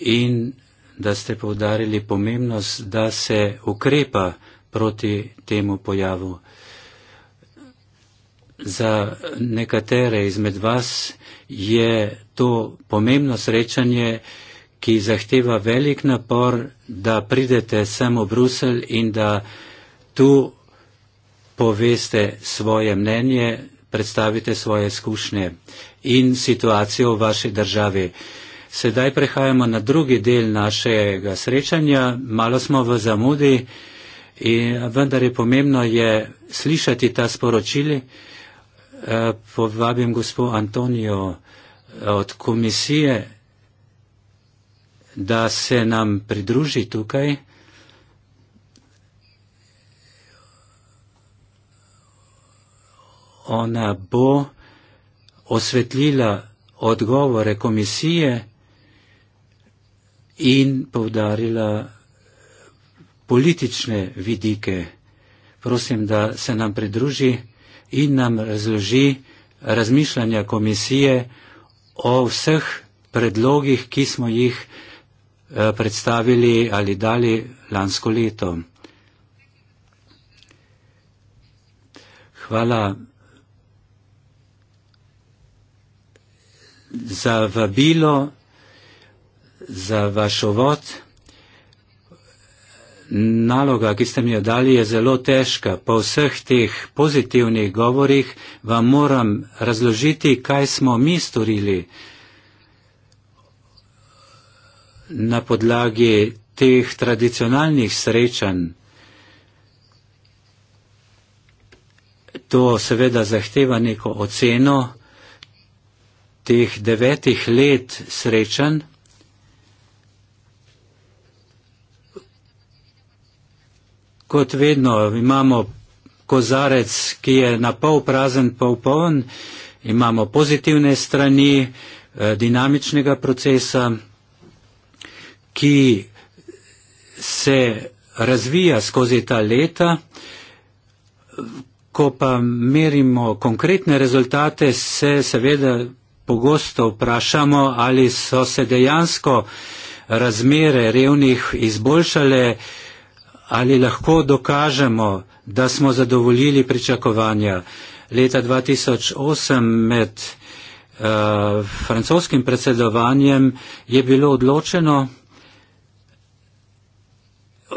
in da ste povdarili pomembnost, da se ukrepa proti temu pojavu za nekatere izmed vas je to pomembno srečanje, ki zahteva velik napor, da pridete sem v Brusel in da tu poveste svoje mnenje, predstavite svoje izkušnje in situacijo v vaši državi. Sedaj prehajamo na drugi del našega srečanja, malo smo v zamudi, in, vendar je pomembno je slišati ta sporočili. Eh, povabim gospo Antonijo eh, od komisije, da se nam pridruži tukaj. Ona bo osvetlila odgovore komisije in povdarila politične vidike. Prosim, da se nam pridruži in nam razloži razmišljanja komisije o vseh predlogih, ki smo jih eh, predstavili ali dali lansko leto. Hvala za vabilo, za vaš ovod naloga, ki ste mi jo dali, je zelo težka. Po vseh teh pozitivnih govorih vam moram razložiti, kaj smo mi storili na podlagi teh tradicionalnih srečanj. To seveda zahteva neko oceno teh devetih let srečanj. kot vedno imamo kozarec, ki je na pol prazen, pol poln, imamo pozitivne strani eh, dinamičnega procesa, ki se razvija skozi ta leta. Ko pa merimo konkretne rezultate, se seveda pogosto vprašamo, ali so se dejansko razmere revnih izboljšale eh, ali lahko dokažemo, da smo zadovoljili pričakovanja. Leta 2008 med uh, francoskim predsedovanjem je bilo odločeno eh,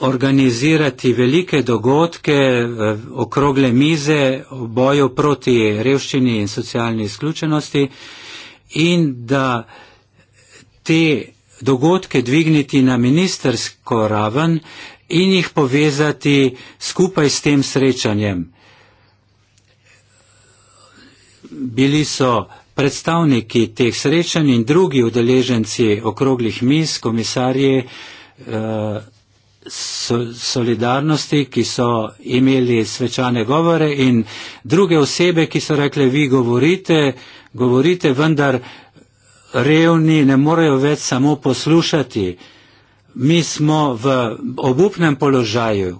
organizirati velike dogodke, eh, okrogle mize v boju proti revščini in socialni izključenosti in da te dogodke dvigniti na ministersko raven, in jih povezati skupaj s tem srečanjem. Bili so predstavniki teh srečanj in drugi udeleženci okroglih mis, komisarji eh, so, solidarnosti, ki so imeli svečane govore in druge osebe, ki so rekle, vi govorite, govorite, vendar revni ne morejo več samo poslušati mi smo v obupnem položaju.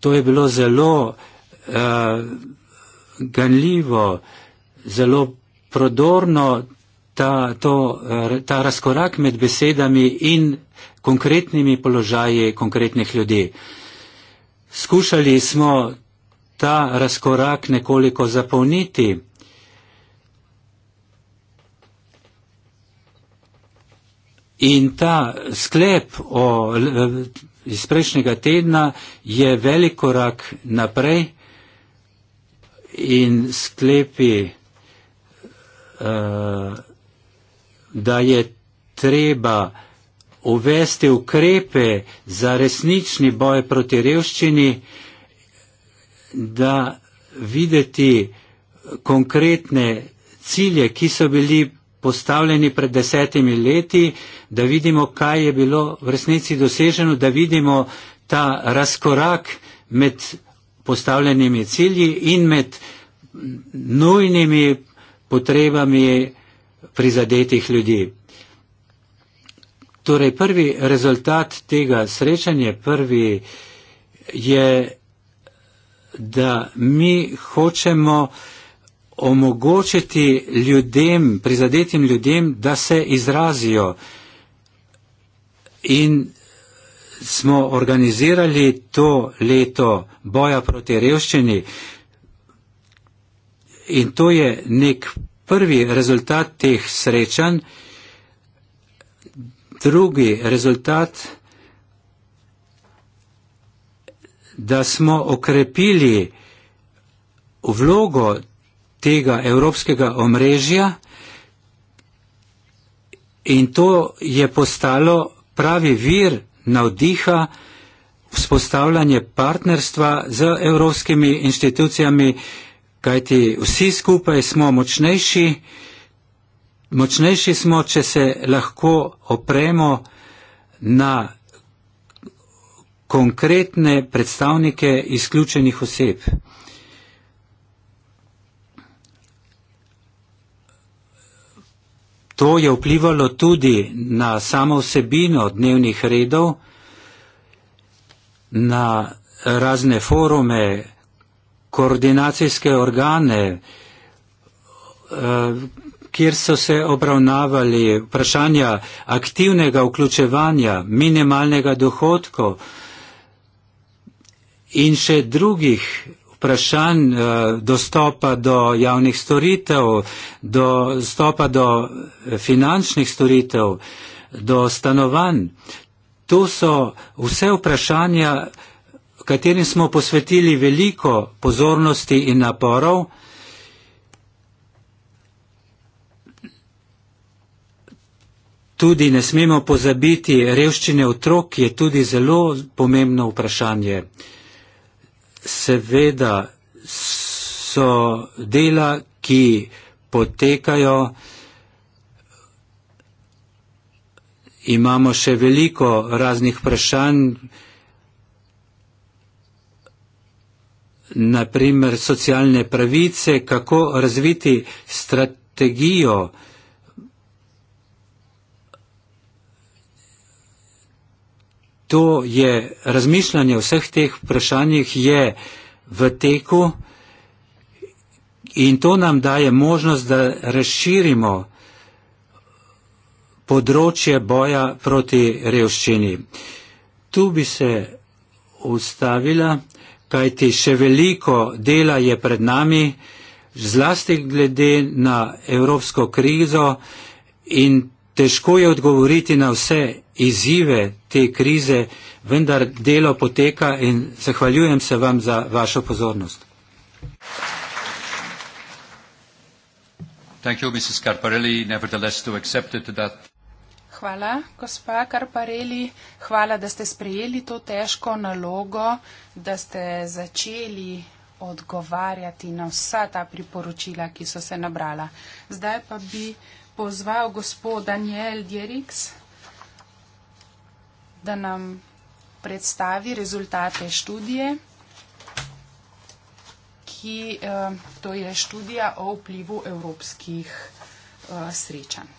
To je bilo zelo uh, ganljivo, zelo prodorno ta, to, eh, ta razkorak med besedami in konkretnimi položaji konkretnih ljudi. Skušali smo ta razkorak nekoliko zapolniti. In ta sklep o, iz prejšnjega tedna je velik korak naprej in sklepi, eh, da je treba uvesti ukrepe za resnični boj proti revščini, da videti konkretne cilje, ki so bili postavljeni pred desetimi leti, da vidimo, kaj je bilo v resnici doseženo, da vidimo ta razkorak med postavljenimi cilji in med nujnimi potrebami prizadetih ljudi. Torej, prvi rezultat tega srečanja prvi je, da mi hočemo uh, omogočiti ljudem, prizadetim ljudem, da se izrazijo. In smo organizirali to leto boja proti revščini. In to je nek prvi rezultat teh srečanj. Drugi rezultat, da smo okrepili vlogo tega evropskega omrežja in to je postalo pravi vir navdiha vzpostavljanje partnerstva z evropskimi inštitucijami, kajti vsi skupaj smo močnejši, močnejši smo, če se lahko opremo na konkretne predstavnike izključenih oseb. To je vplivalo tudi na samo vsebino dnevnih redov, na razne forume, koordinacijske organe, eh, kjer so se obravnavali vprašanja aktivnega vključevanja, minimalnega dohodka in še drugih vprašanj eh, dostopa do javnih storitev, do dostopa do eh, finančnih storitev, do stanovanj. To so vse vprašanja, katerim smo posvetili veliko pozornosti in naporov. Tudi ne smemo pozabiti revščine otrok, ki je tudi zelo pomembno vprašanje. Uh, seveda so dela, ki potekajo. Imamo še veliko raznih vprašanj, naprimer socialne pravice, kako razviti strategijo uh, to je razmišljanje o vseh teh vprašanjih je v teku in to nam daje možnost, da razširimo področje boja proti revščini. Tu bi se ustavila, kajti še veliko dela je pred nami, zlasti glede na evropsko krizo in Težko je odgovoriti na vse izzive te krize, vendar delo poteka in zahvaljujem se vam za vašo pozornost. You, hvala, gospa Karparelli, hvala, da ste sprejeli to težko nalogo, da ste začeli odgovarjati na vsa ta priporočila, ki so se nabrala. Zdaj pa bi pozval gospod Daniel Djeriks, da nam predstavi rezultate študije, ki eh, to je študija o vplivu evropskih eh, srečanj.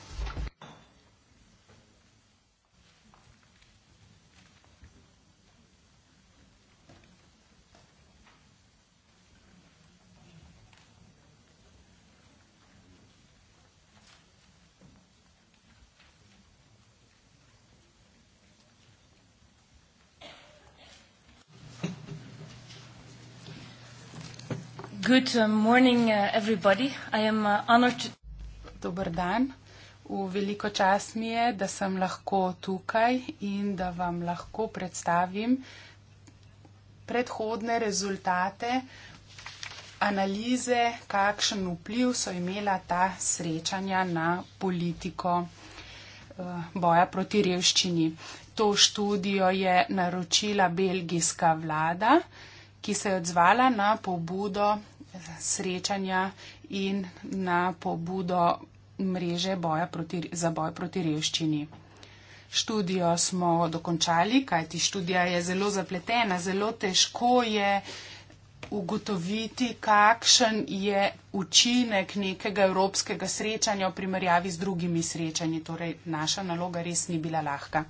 Good uh, morning, uh, everybody. I am uh, honored. Dober dan. V veliko čas mi je, da sem lahko tukaj in da vam lahko predstavim predhodne rezultate analize, kakšen vpliv so imela ta srečanja na politiko boja proti revščini. To študijo je naročila belgijska vlada, ki se je odzvala na pobudo srečanja in na pobudo mreže boja proti, za boj proti revščini. Študijo smo dokončali, kajti študija je zelo zapletena, zelo težko je ugotoviti, kakšen je učinek nekega evropskega srečanja v primerjavi z drugimi srečanji. Torej, naša naloga res ni bila lahka.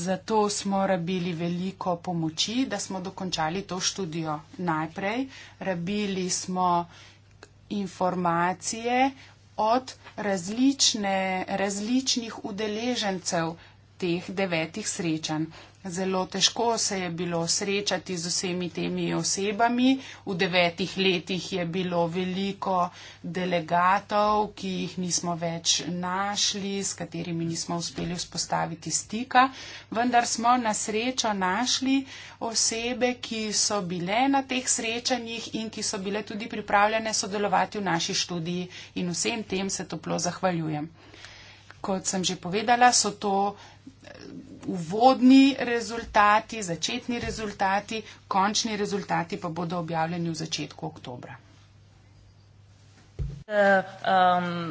Zato smo rabili veliko pomoči, da smo dokončali to študijo najprej. Rabili smo informacije od različne, različnih udeležencev teh devetih srečanj. Zelo težko se je bilo srečati z vsemi temi osebami. V devetih letih je bilo veliko delegatov, ki jih nismo več našli, s katerimi nismo uspeli vzpostaviti stika, vendar smo na srečo našli osebe, ki so bile na teh srečanjih in ki so bile tudi pripravljene sodelovati v naši študiji in vsem tem se toplo zahvaljujem kot sem že povedala, so to eh, uvodni rezultati, začetni rezultati, končni rezultati pa bodo objavljeni v začetku oktobra. Uh, um.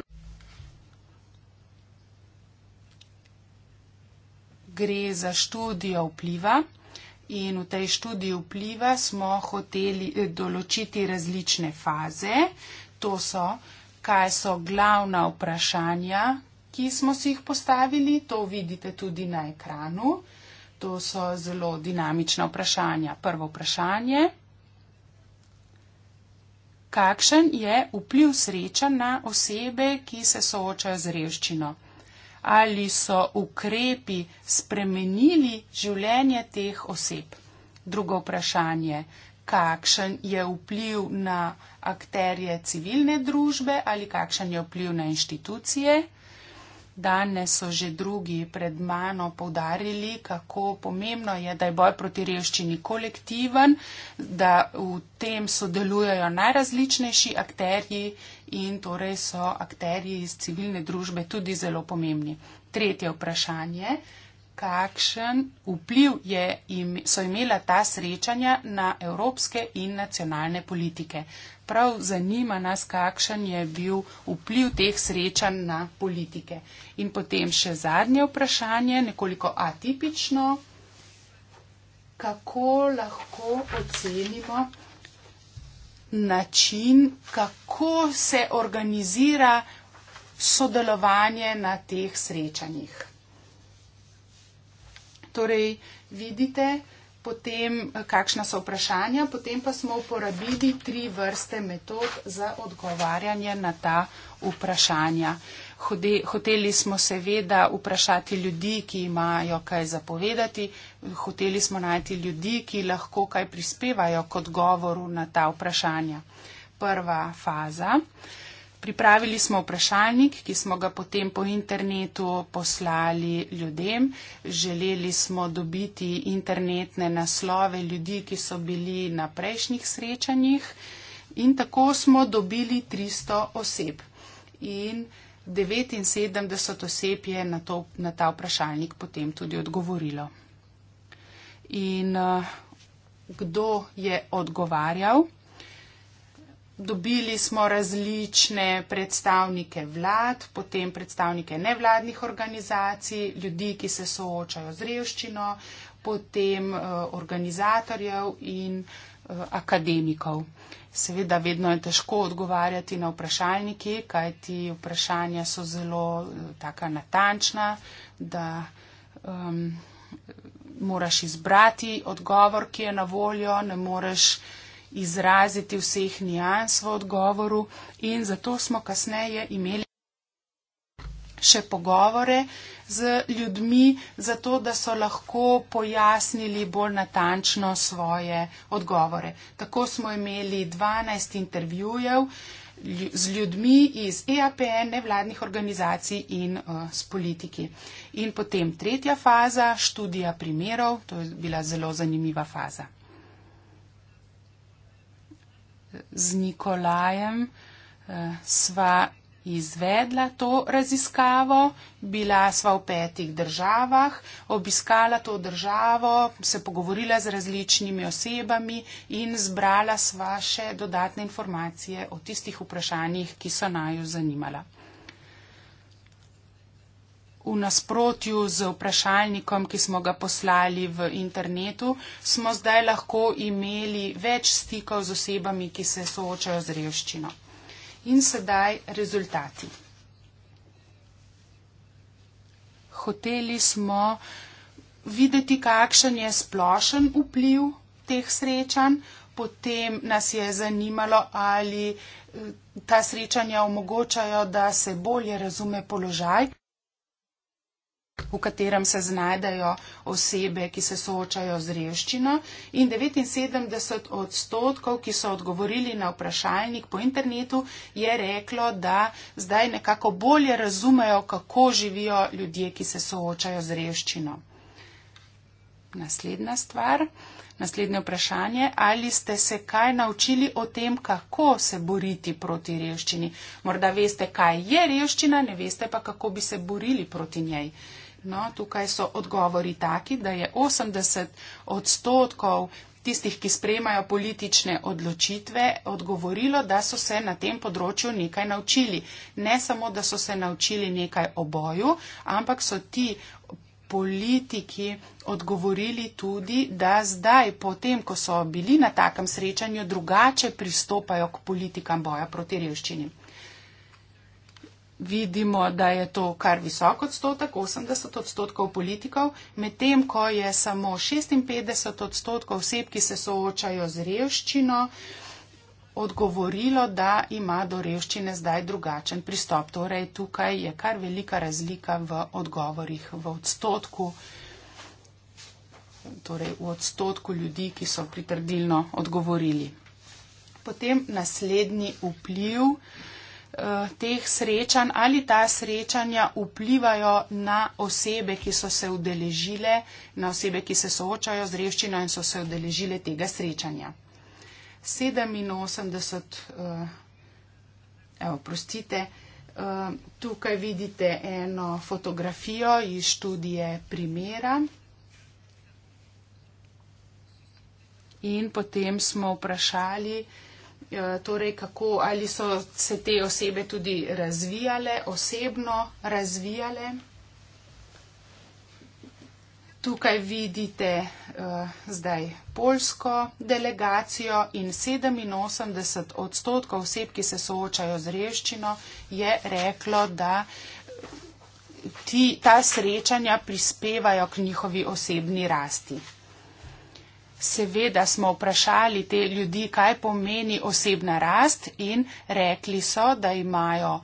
Gre za študijo vpliva in v tej študiji vpliva smo hoteli eh, določiti različne faze. To so, kaj so glavna vprašanja, ki smo si jih postavili. To vidite tudi na ekranu. To so zelo dinamična vprašanja. Prvo vprašanje. Kakšen je vpliv sreča na osebe, ki se soočajo z revščino? Ali so ukrepi spremenili življenje teh oseb? Drugo vprašanje. Kakšen je vpliv na akterje civilne družbe ali kakšen je vpliv na inštitucije? Danes so že drugi pred mano povdarili, kako pomembno je, da je boj proti revščini kolektiven, da v tem sodelujejo najrazličnejši akterji in torej so akterji iz civilne družbe tudi zelo pomembni. Tretje vprašanje kakšen vpliv je, so imela ta srečanja na evropske in nacionalne politike. Prav zanima nas, kakšen je bil vpliv teh srečanj na politike. In potem še zadnje vprašanje, nekoliko atipično. Kako lahko ocenimo način, kako se organizira sodelovanje na teh srečanjih? torej vidite, potem, kakšna so vprašanja, potem pa smo uporabili tri vrste metod za odgovarjanje na ta vprašanja. Hoteli smo seveda vprašati ljudi, ki imajo kaj zapovedati, hoteli smo najti ljudi, ki lahko kaj prispevajo kot govoru na ta vprašanja. Prva faza. Uh, Pripravili smo vprašalnik, ki smo ga potem po internetu poslali ljudem. Želeli smo dobiti internetne naslove ljudi, ki so bili na prejšnjih srečanjih in tako smo dobili 300 oseb. In 79 oseb je na, to, na ta vprašalnik potem tudi odgovorilo. In uh, kdo je odgovarjal? Dobili smo različne predstavnike vlad, potem predstavnike nevladnih organizacij, ljudi, ki se soočajo z revščino, potem eh, organizatorjev in eh, akademikov. Seveda, vedno je težko odgovarjati na vprašalniki, kaj ti vprašanja so zelo eh, taka natančna, da um, moraš izbrati odgovor, ki je na voljo, ne moreš izraziti vseh nijans v odgovoru in zato smo kasneje imeli še pogovore z ljudmi, zato da so lahko pojasnili bolj natančno svoje odgovore. Tako smo imeli 12 intervjujev z ljudmi iz EAPN, nevladnih organizacij in uh, s politiki. In potem tretja faza, študija primerov, to je bila zelo zanimiva faza z Nikolajem eh, sva izvedla to raziskavo, bila sva v petih državah, obiskala to državo, se pogovorila z različnimi osebami in zbrala sva še dodatne informacije o tistih vprašanjih, ki so naju zanimala v nasprotju z vprašalnikom, ki smo ga poslali v internetu, smo zdaj lahko imeli več stikov z osebami, ki se soočajo z revščino. In sedaj rezultati. Hoteli smo videti, kakšen je splošen vpliv teh srečanj, potem nas je zanimalo, ali eh, ta srečanja omogočajo, da se bolje razume položaj v katerem se znajdajo osebe, ki se soočajo z revščino in 79 odstotkov, ki so odgovorili na vprašalnik po internetu, je reklo, da zdaj nekako bolje razumejo, kako živijo ljudje, ki se soočajo z revščino. Naslednja stvar, naslednje vprašanje, ali ste se kaj naučili o tem, kako se boriti proti revščini. Morda veste, kaj je revščina, ne veste pa, kako bi se borili proti njej. No, tukaj so odgovori taki, da je 80 odstotkov tistih, ki spremajo politične odločitve, odgovorilo, da so se na tem področju nekaj naučili. Ne samo, da so se naučili nekaj o boju, ampak so ti politiki odgovorili tudi, da zdaj, potem, ko so bili na takem srečanju, drugače pristopajo k politikam boja proti revščini vidimo, da je to kar visok odstotek, 80 odstotkov politikov, medtem ko je samo 56 odstotkov oseb, ki se soočajo z revščino, odgovorilo, da ima do revščine zdaj drugačen pristop. Torej, tukaj je kar velika razlika v odgovorih, v odstotku, torej v odstotku ljudi, ki so pritrdilno odgovorili. Potem naslednji vpliv uh, teh srečanj, ali ta srečanja vplivajo na osebe, ki so se udeležile, na osebe, ki se soočajo z revščino in so se udeležile tega srečanja. 87, uh, eh, evo, prostite, uh, eh, tukaj vidite eno fotografijo iz študije primera. In potem smo vprašali, uh, Eh, torej kako, ali so se te osebe tudi razvijale, osebno razvijale. Tukaj vidite uh, zdaj polsko delegacijo in 87 odstotkov oseb, ki se soočajo z reščino, je reklo, da ti, ta srečanja prispevajo k njihovi osebni rasti seveda smo vprašali te ljudi, kaj pomeni osebna rast in rekli so, da imajo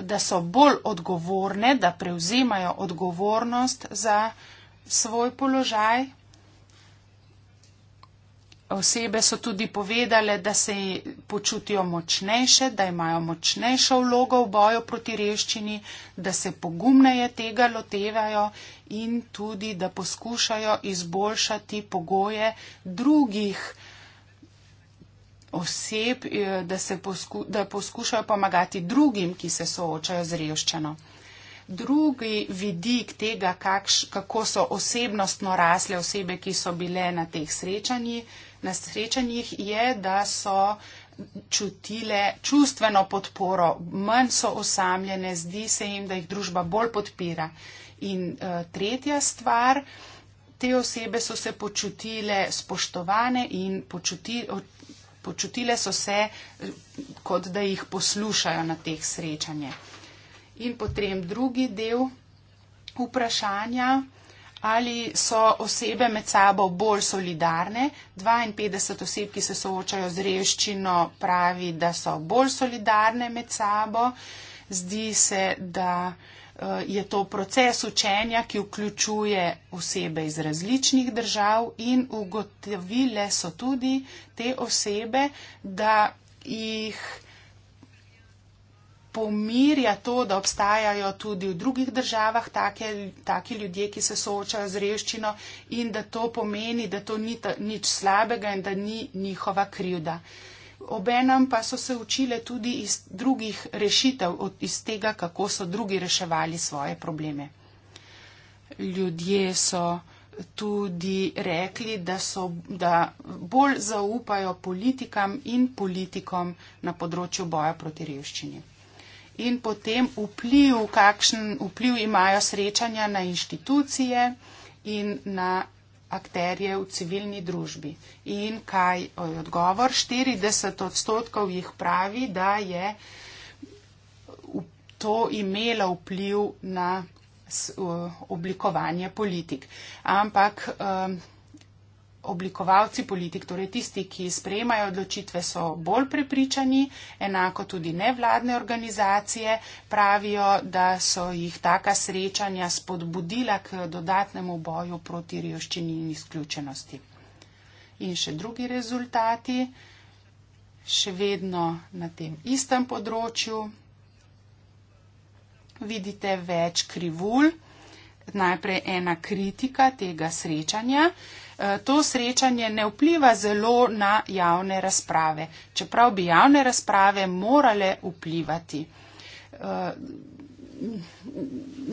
da so bolj odgovorne, da prevzemajo odgovornost za svoj položaj, osebe so tudi povedale, da se počutijo močnejše, da imajo močnejšo vlogo v boju proti reščini, da se pogumneje tega lotevajo in tudi, da poskušajo izboljšati pogoje drugih oseb, eh, da, posku, da poskušajo pomagati drugim, ki se soočajo z reščino. Drugi vidik tega, kakš, kako so osebnostno rasle osebe, ki so bile na teh srečanjih, na srečanjih je, da so čutile čustveno podporo, manj so osamljene, zdi se jim, da jih družba bolj podpira. In uh, tretja stvar, te osebe so se počutile spoštovane in počuti, počutile so se, kot da jih poslušajo na teh srečanjih. In potem drugi del vprašanja ali so osebe med sabo bolj solidarne. 52 oseb, ki se soočajo z revščino, pravi, da so bolj solidarne med sabo. Zdi se, da eh, je to proces učenja, ki vključuje osebe iz različnih držav in ugotovile so tudi te osebe, da jih pomirja to, da obstajajo tudi v drugih državah take, take ljudje, ki se soočajo z reščino in da to pomeni, da to ni ta, nič slabega in da ni njihova krivda. Obenem pa so se učile tudi iz drugih rešitev, iz tega, kako so drugi reševali svoje probleme. Ljudje so tudi rekli, da, so, da bolj zaupajo politikam in politikom na področju boja proti revščini in potem vpliv, kakšen vpliv imajo srečanja na inštitucije in na akterje v civilni družbi. In kaj je odgovor? 40 odstotkov jih pravi, da je to imelo vpliv na oblikovanje politik. Ampak um, oblikovalci politik, torej tisti, ki sprejemajo odločitve, so bolj prepričani, enako tudi nevladne organizacije pravijo, da so jih taka srečanja spodbudila k dodatnemu boju proti revščini in izključenosti. In še drugi rezultati, še vedno na tem istem področju, vidite več krivul, najprej ena kritika tega srečanja, Eh, to srečanje ne vpliva zelo na javne razprave, čeprav bi javne razprave morale vplivati. Eh,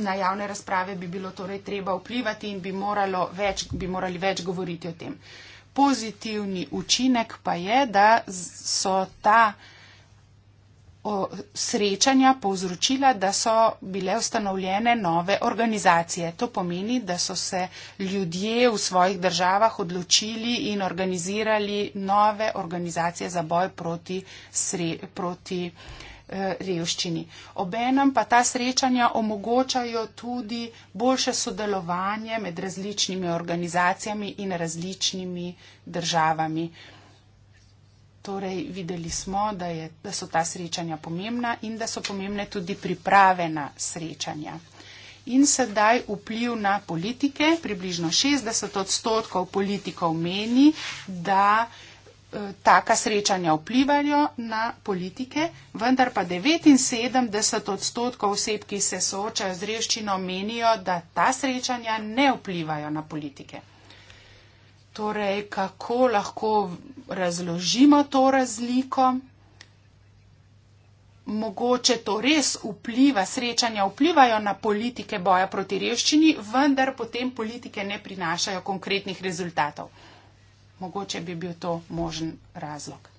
na javne razprave bi bilo torej treba vplivati in bi, več, bi morali več govoriti o tem. Pozitivni učinek pa je, da so ta uh, srečanja povzročila, da so bile ustanovljene nove organizacije. To pomeni, da so se ljudje v svojih državah odločili in organizirali nove organizacije za boj proti, sre, proti eh, revščini. Obenem pa ta srečanja omogočajo tudi boljše sodelovanje med različnimi organizacijami in različnimi državami. Eh, Torej, videli smo, da, je, da so ta srečanja pomembna in da so pomembne tudi priprave na srečanja. In sedaj vpliv na politike. Približno 60 odstotkov politikov meni, da e, taka srečanja vplivajo na politike, vendar pa 79 odstotkov oseb, ki se soočajo z revščino, menijo, da ta srečanja ne vplivajo na politike. Torej, kako lahko razložimo to razliko? Mogoče to res vpliva, srečanja vplivajo na politike boja proti revščini, vendar potem politike ne prinašajo konkretnih rezultatov. Mogoče bi bil to možen razlog.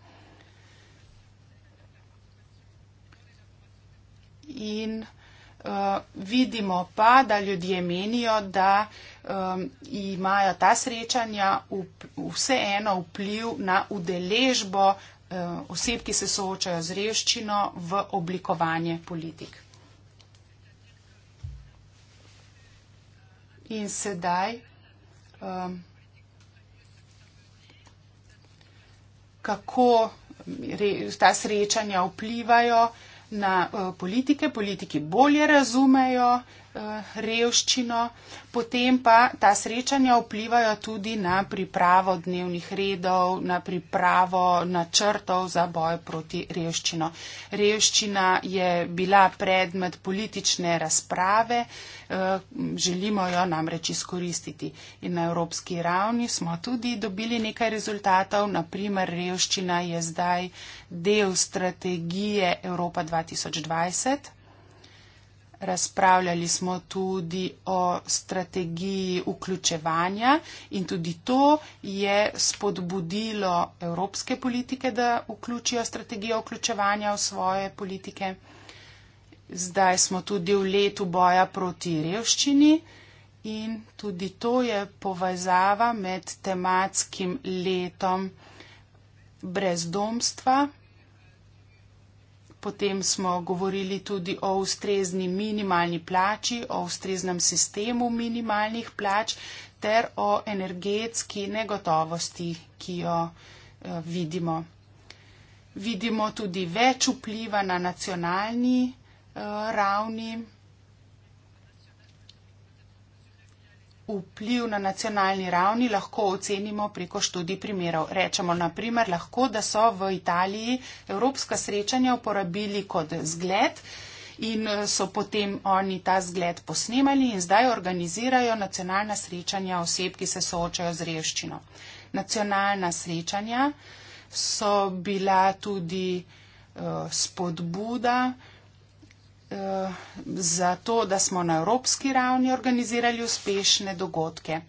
In uh, vidimo pa, da ljudje menijo, da uh, um, imajo ta srečanja vseeno vpliv na udeležbo um, oseb, ki se soočajo z revščino v oblikovanje politik. In sedaj, um, kako ta srečanja vplivajo na uh, politike, politiki bolje razumejo uh, Eh, revščino, potem pa ta srečanja vplivajo tudi na pripravo dnevnih redov, na pripravo načrtov za boj proti revščino. Revščina je bila predmet politične razprave, eh, želimo jo namreč izkoristiti. In na evropski ravni smo tudi dobili nekaj rezultatov, naprimer revščina je zdaj del strategije Evropa 2020 razpravljali smo tudi o strategiji vključevanja in tudi to je spodbudilo evropske politike, da vključijo strategijo vključevanja v svoje politike. Zdaj smo tudi v letu boja proti revščini in tudi to je povezava med tematskim letom brezdomstva, Potem smo govorili tudi o ustrezni minimalni plači, o ustreznem sistemu minimalnih plač ter o energetski negotovosti, ki jo eh, vidimo. Vidimo tudi več vpliva na nacionalni eh, ravni, vpliv na nacionalni ravni lahko ocenimo preko študij primerov. Rečemo naprimer lahko, da so v Italiji evropska srečanja uporabili kot zgled in eh, so potem oni ta zgled posnemali in zdaj organizirajo nacionalna srečanja oseb, ki se soočajo z revščino. Nacionalna srečanja so bila tudi uh, spodbuda, Eh, za to, da smo na evropski ravni organizirali uspešne dogodke.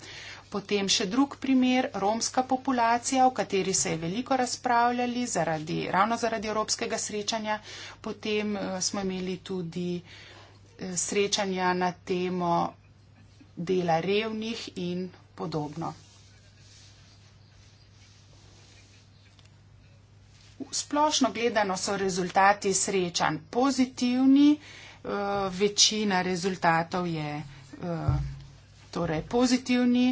Potem še drug primer, romska populacija, o kateri se je veliko razpravljali zaradi, ravno zaradi evropskega srečanja. Potem eh, smo imeli tudi eh, srečanja na temo dela revnih in podobno. Splošno gledano so rezultati srečanj pozitivni, eh, večina rezultatov je eh, torej pozitivni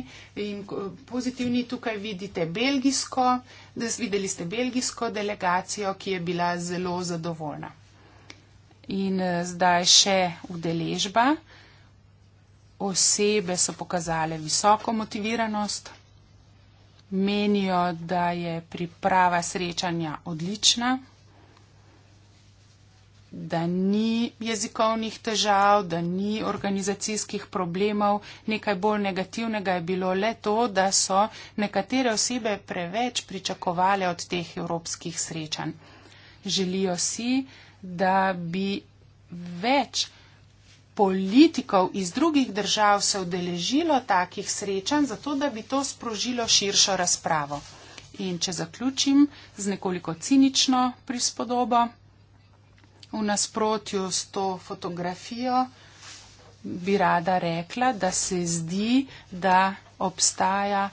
in eh, pozitivni tukaj vidite belgijsko, videli ste belgijsko delegacijo, ki je bila zelo zadovoljna. In zdaj še udeležba. Osebe so pokazale visoko motiviranost menijo, da je priprava srečanja odlična, da ni jezikovnih težav, da ni organizacijskih problemov. Nekaj bolj negativnega je bilo le to, da so nekatere osebe preveč pričakovale od teh evropskih srečanj. Želijo si, da bi več politikov iz drugih držav se udeležilo takih srečanj, zato da bi to sprožilo širšo razpravo. In če zaključim z nekoliko cinično prispodobo, v nasprotju s to fotografijo bi rada rekla, da se zdi, da obstaja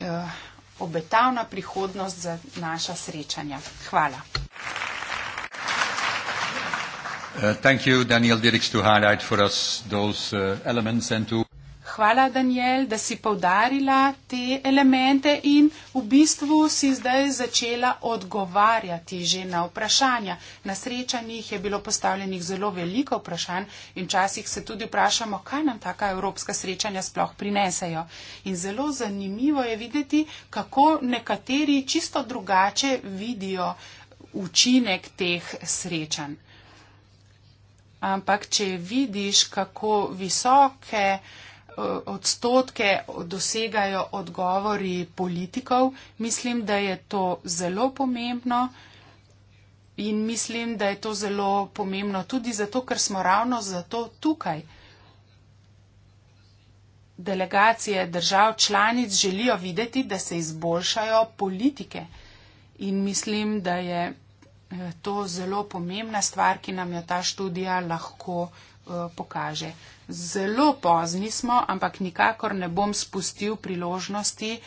eh, obetavna prihodnost za naša srečanja. Hvala. Uh, thank you, Daniel Dirks, to highlight for us those uh, elements and to. Hvala, Daniel, da si povdarila te elemente in v bistvu si zdaj začela odgovarjati že na vprašanja. Na srečanjih je bilo postavljenih zelo veliko vprašanj in včasih se tudi vprašamo, kaj nam taka evropska srečanja sploh prinesejo. In zelo zanimivo je videti, kako nekateri čisto drugače vidijo učinek teh srečanj ampak če vidiš, kako visoke odstotke dosegajo odgovori politikov, mislim, da je to zelo pomembno. In mislim, da je to zelo pomembno tudi zato, ker smo ravno zato tukaj. Delegacije držav članic želijo videti, da se izboljšajo politike. In mislim, da je to zelo pomembna stvar, ki nam jo ta študija lahko eh, pokaže. Zelo pozni smo, ampak nikakor ne bom spustil priložnosti eh,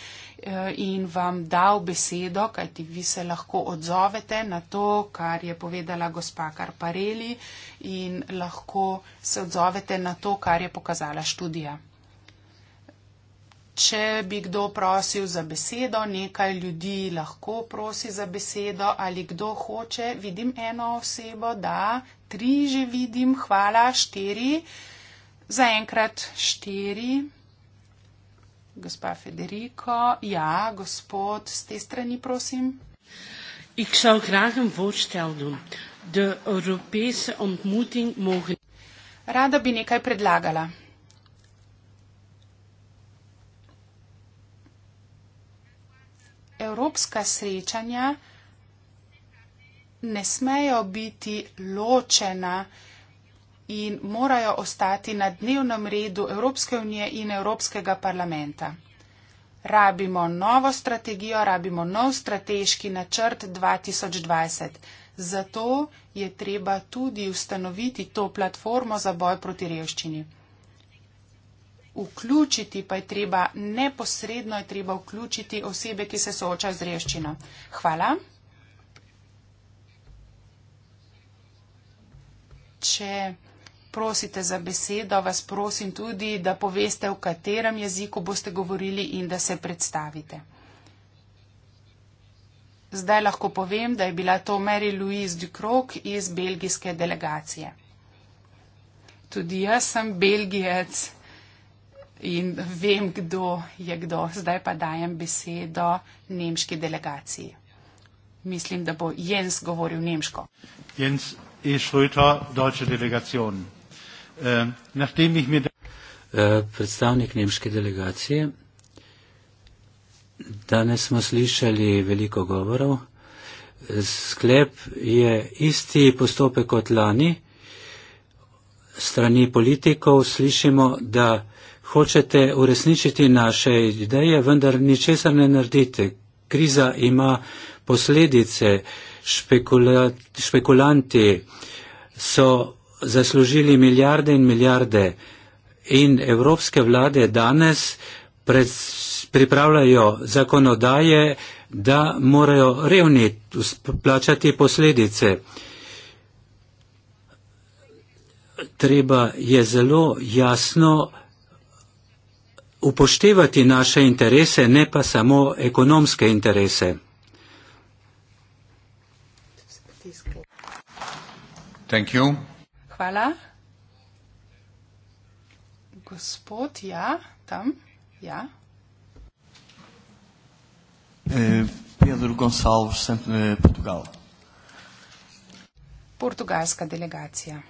in vam dal besedo, kajti vi se lahko odzovete na to, kar je povedala gospa Karpareli in lahko se odzovete na to, kar je pokazala študija. Če bi kdo prosil za besedo, nekaj ljudi lahko prosi za besedo ali kdo hoče. Vidim eno osebo, da tri že vidim, hvala, štiri. Zaenkrat štiri. Gospa Federico, ja, gospod, z te strani prosim. Ik zou graag een voorstel doen. De Europese ontmoeting mogen. Rada bi nekaj predlagala. evropska srečanja ne smejo biti ločena in morajo ostati na dnevnem redu Evropske unije in Evropskega parlamenta. Rabimo novo strategijo, rabimo nov strateški načrt 2020. Zato je treba tudi ustanoviti to platformo za boj proti revščini vključiti pa je treba, neposredno je treba vključiti osebe, ki se soočajo z reščino. Hvala. Če prosite za besedo, vas prosim tudi, da poveste, v katerem jeziku boste govorili in da se predstavite. Zdaj lahko povem, da je bila to Mary Louise Ducroc iz belgijske delegacije. Tudi jaz sem belgijec in vem, kdo je kdo. Zdaj pa dajem besedo nemški delegaciji. Mislim, da bo Jens govoril nemško. Jens Išrüter, e. Deutsche Delegation. Uh, mir... uh, predstavnik nemške delegacije. Danes smo slišali veliko govorov. Sklep je isti postopek kot lani. Strani politikov slišimo, da hočete uresničiti naše ideje, vendar ničesar ne naredite. Kriza ima posledice, Špekula špekulanti so zaslužili milijarde in milijarde in evropske vlade danes pripravljajo zakonodaje, da morajo revni plačati posledice. Treba je zelo jasno upoštevati naše interese, ne pa samo ekonomske interese. Thank you. Hvala. Gospod, ja, tam, ja. Eh, Pedro Gonçalves, eh, Portugal. Portugalska delegacija.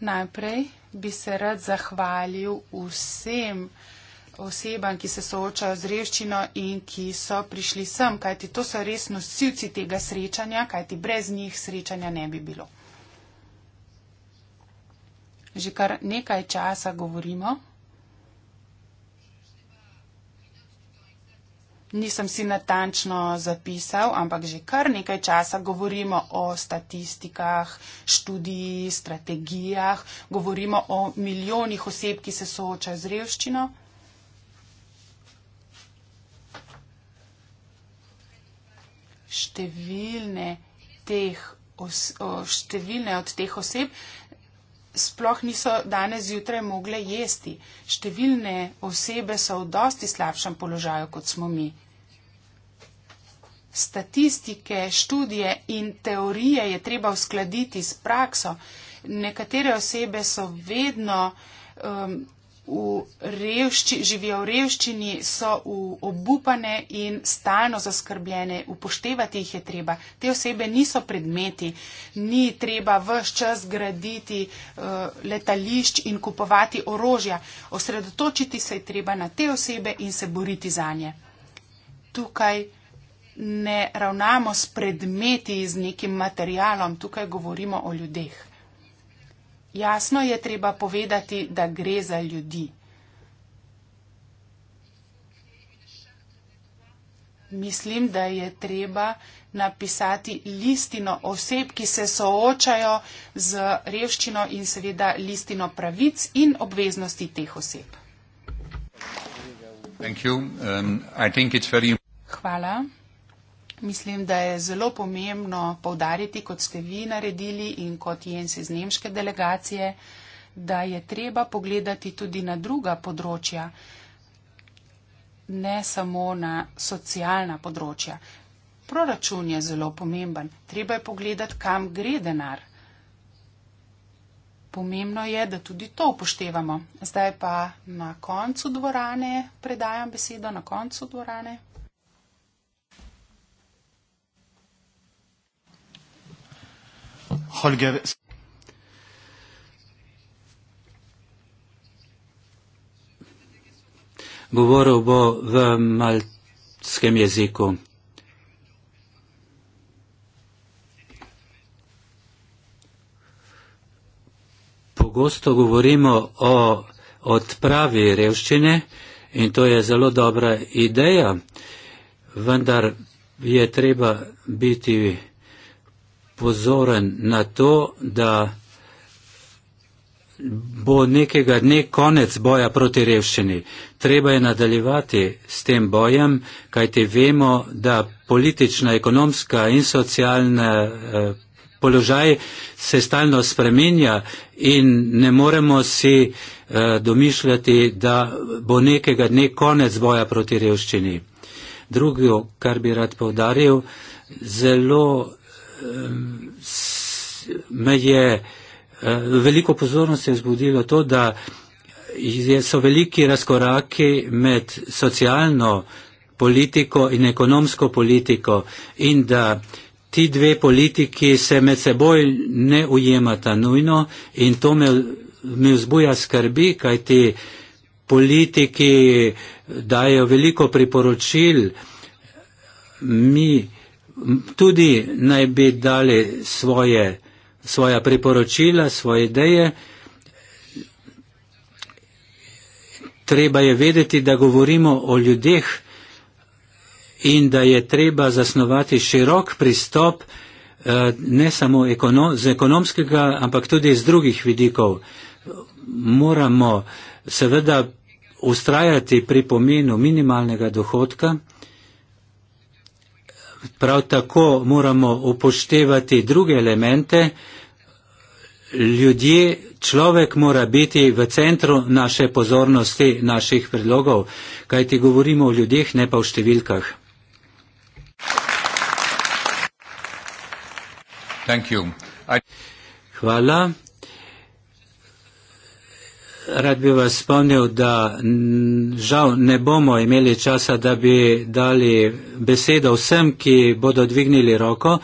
Najprej bi se rad zahvalil vsem osebam, ki se soočajo z revščino in ki so prišli sem, kajti to so res nosilci tega srečanja, kajti brez njih srečanja ne bi bilo. Že kar nekaj časa govorimo. nisem si natančno zapisal, ampak že kar nekaj časa govorimo o statistikah, študiji, strategijah, govorimo o milijonih oseb, ki se soočajo z revščino. Številne, teh os, o, številne od teh oseb sploh niso danes zjutraj mogle jesti. Številne osebe so v dosti slabšem položaju, kot smo mi. Statistike, študije in teorije je treba uskladiti s prakso. Nekatere osebe so vedno um, v revšči, živijo v revščini, so v obupane in stalno zaskrbljene, upoštevati jih je treba. Te osebe niso predmeti, ni treba vse čas graditi uh, letališč in kupovati orožja. Osredotočiti se je treba na te osebe in se boriti za nje. Tukaj ne ravnamo s predmeti, z nekim materialom, tukaj govorimo o ljudeh. Jasno je treba povedati, da gre za ljudi. Mislim, da je treba napisati listino oseb, ki se soočajo z revščino in seveda listino pravic in obveznosti teh oseb. Um, Hvala. Mislim, da je zelo pomembno povdariti, kot ste vi naredili in kot jens iz nemške delegacije, da je treba pogledati tudi na druga področja, ne samo na socialna področja. Proračun je zelo pomemben, treba je pogledati, kam gre denar. Pomembno je, da tudi to upoštevamo. Zdaj pa na koncu dvorane predajam besedo, na koncu dvorane. Holger. Govoril bo v maltskem jeziku. Pogosto govorimo o odpravi revščine in to je zelo dobra ideja, vendar je treba biti pozoren na to, da bo nekega dne konec boja proti revščini. Treba je nadaljevati s tem bojem, kajti vemo, da politična, ekonomska in socialna eh, položaj se stalno spremenja in ne moremo si eh, domišljati, da bo nekega dne konec boja proti revščini. Drugo, kar bi rad povdaril, zelo me je eh, veliko pozornosti izbudilo to, da so veliki razkoraki med socialno politiko in ekonomsko politiko in da ti dve politiki se med seboj ne ujemata nujno in to me, me vzbuja skrbi, kaj ti politiki dajo veliko priporočil, mi tudi naj bi dali svoje, svoja priporočila, svoje ideje. Treba je vedeti, da govorimo o ljudeh in da je treba zasnovati širok pristop eh, ne samo ekono, z ekonomskega, ampak tudi z drugih vidikov. Moramo seveda ustrajati pri pomenu minimalnega dohodka, prav tako moramo upoštevati druge elemente. Ljudje, človek mora biti v centru naše pozornosti, naših predlogov, kaj ti govorimo o ljudeh, ne pa o številkah. Hvala rad bi vas spomnil, da žal ne bomo imeli časa, da bi dali besedo vsem, ki bodo dvignili roko.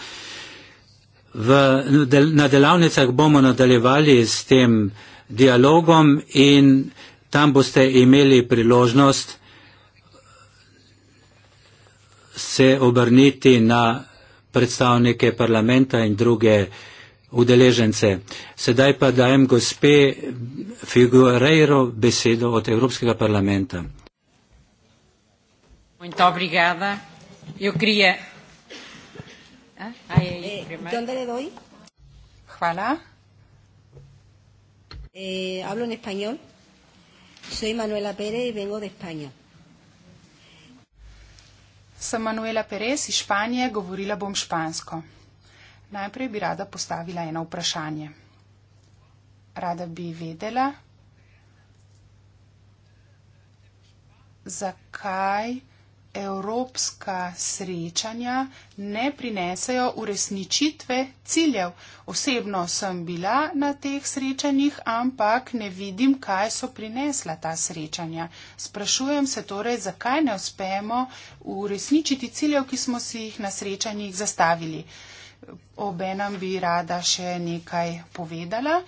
V, na delavnicah bomo nadaljevali s tem dialogom in tam boste imeli priložnost se obrniti na predstavnike parlamenta in druge uh, udeležence. Sedaj pa dajem gospe Figurejro besedo od Evropskega parlamenta. Ah, eh, Hvala. Eh, hablo en español. Soy Manuela Pérez y vengo de España. Sem Manuela Pérez iz Španije, govorila bom špansko. Najprej bi rada postavila eno vprašanje. Rada bi vedela, zakaj evropska srečanja ne prinesejo uresničitve ciljev. Osebno sem bila na teh srečanjih, ampak ne vidim, kaj so prinesla ta srečanja. Sprašujem se torej, zakaj ne uspemo uresničiti ciljev, ki smo si jih na srečanjih zastavili obenem bi rada še nekaj povedala.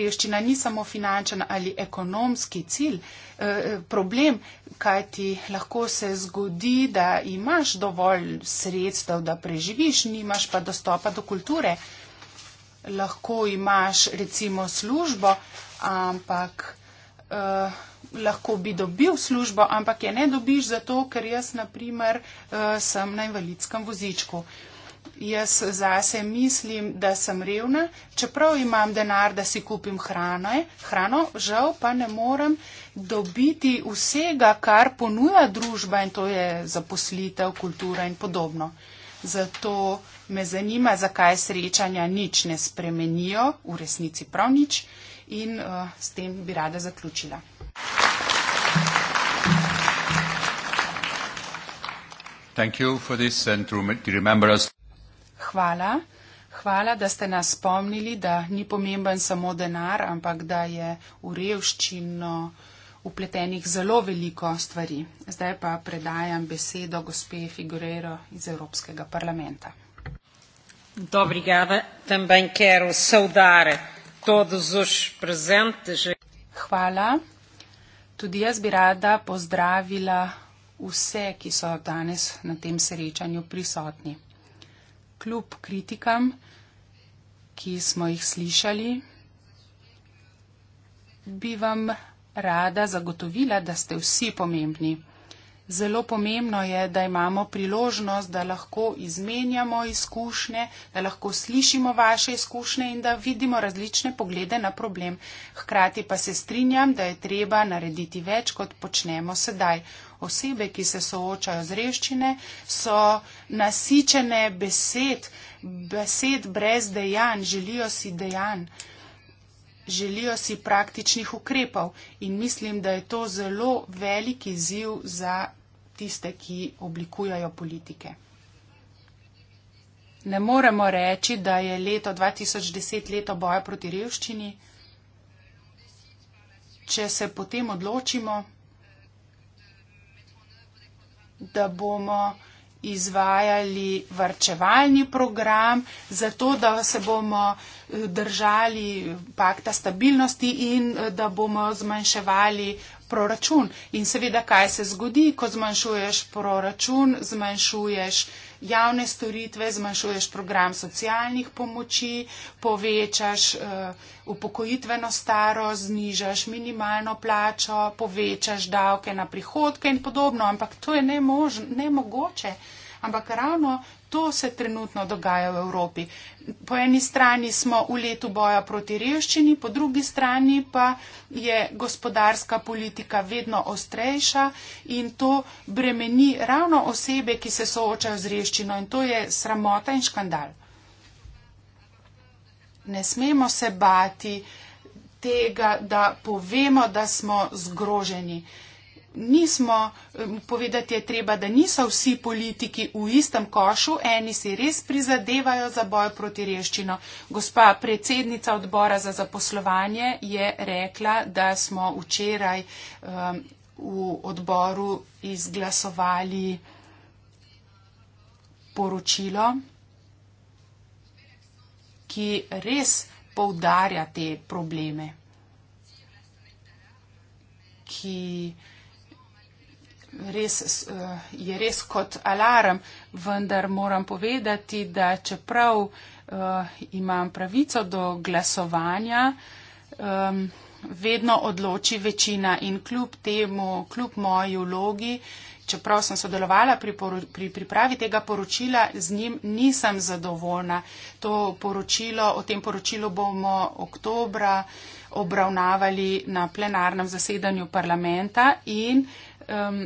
Revščina ni samo finančen ali ekonomski cilj, eh, problem, kaj ti lahko se zgodi, da imaš dovolj sredstev, da preživiš, nimaš pa dostopa do kulture. Lahko imaš recimo službo, ampak eh, lahko bi dobil službo, ampak je ne dobiš zato, ker jaz naprimer eh, sem na invalidskem vozičku. Eh, jaz zase mislim, da sem revna, čeprav imam denar, da si kupim hrano, eh, hrano, žal pa ne morem dobiti vsega, kar ponuja družba in to je zaposlitev, kultura in podobno. Zato me zanima, zakaj srečanja nič ne spremenijo, v resnici prav nič in uh, s tem bi rada zaključila. Thank you for this and to remember us hvala. Hvala, da ste nas spomnili, da ni pomemben samo denar, ampak da je v revščino upletenih zelo veliko stvari. Zdaj pa predajam besedo gospe Figurero iz Evropskega parlamenta. Hvala. Tudi jaz bi rada pozdravila vse, ki so danes na tem srečanju prisotni kljub kritikam, ki smo jih slišali, bi vam rada zagotovila, da ste vsi pomembni. Zelo pomembno je, da imamo priložnost, da lahko izmenjamo izkušnje, da lahko slišimo vaše izkušnje in da vidimo različne poglede na problem. Hkrati pa se strinjam, da je treba narediti več, kot počnemo sedaj osebe, ki se soočajo z reščine, so nasičene besed, besed brez dejanj, želijo si dejanj, želijo si praktičnih ukrepov in mislim, da je to zelo veliki ziv za tiste, ki oblikujajo politike. Ne moremo reči, da je leto 2010 leto boja proti revščini. Če se potem odločimo, da bomo izvajali varčevalni program, zato da se bomo eh, držali pakta stabilnosti in eh, da bomo zmanjševali proračun. In seveda, kaj se zgodi, ko zmanjšuješ proračun, zmanjšuješ javne storitve, zmanjšuješ program socialnih pomoči, povečaš eh, upokojitveno starost, znižaš minimalno plačo, povečaš davke na prihodke in podobno. Ampak to je nemož, nemogoče. Ampak ravno to se trenutno dogaja v Evropi. Po eni strani smo v letu boja proti revščini, po drugi strani pa je gospodarska politika vedno ostrejša in to bremeni ravno osebe, ki se soočajo z revščino in to je sramota in škandal. Ne smemo se bati tega, da povemo, da smo zgroženi. Uh, nismo, eh, povedati je treba, da niso vsi politiki v istem košu, eni si res prizadevajo za boj proti reščino. Gospa predsednica odbora za zaposlovanje je rekla, da smo včeraj um, v odboru izglasovali poročilo, ki res poudarja te probleme ki res, eh, je res kot alarm, vendar moram povedati, da čeprav eh, imam pravico do glasovanja, vedno odloči večina in kljub temu, kljub moji vlogi, čeprav sem sodelovala pri, poru, pri pripravi tega poročila, z njim nisem zadovoljna. To poročilo, o tem poročilu bomo oktobra obravnavali na plenarnem zasedanju parlamenta in um,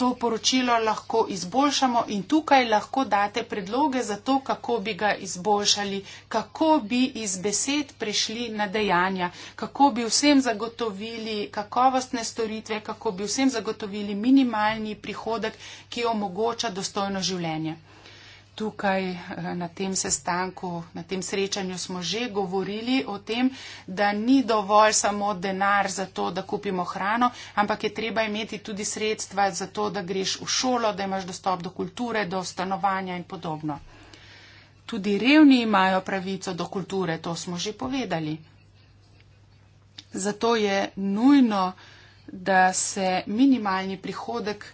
to poročilo lahko izboljšamo in tukaj lahko date predloge za to, kako bi ga izboljšali, kako bi iz besed prišli na dejanja, kako bi vsem zagotovili kakovostne storitve, kako bi vsem zagotovili minimalni prihodek, ki omogoča dostojno življenje tukaj eh, na tem sestanku, na tem srečanju smo že govorili o tem, da ni dovolj samo denar za to, da kupimo hrano, ampak je treba imeti tudi sredstva za to, da greš v šolo, da imaš dostop do kulture, do stanovanja in podobno. Tudi revni imajo pravico do kulture, to smo že povedali. Zato je nujno, da se minimalni prihodek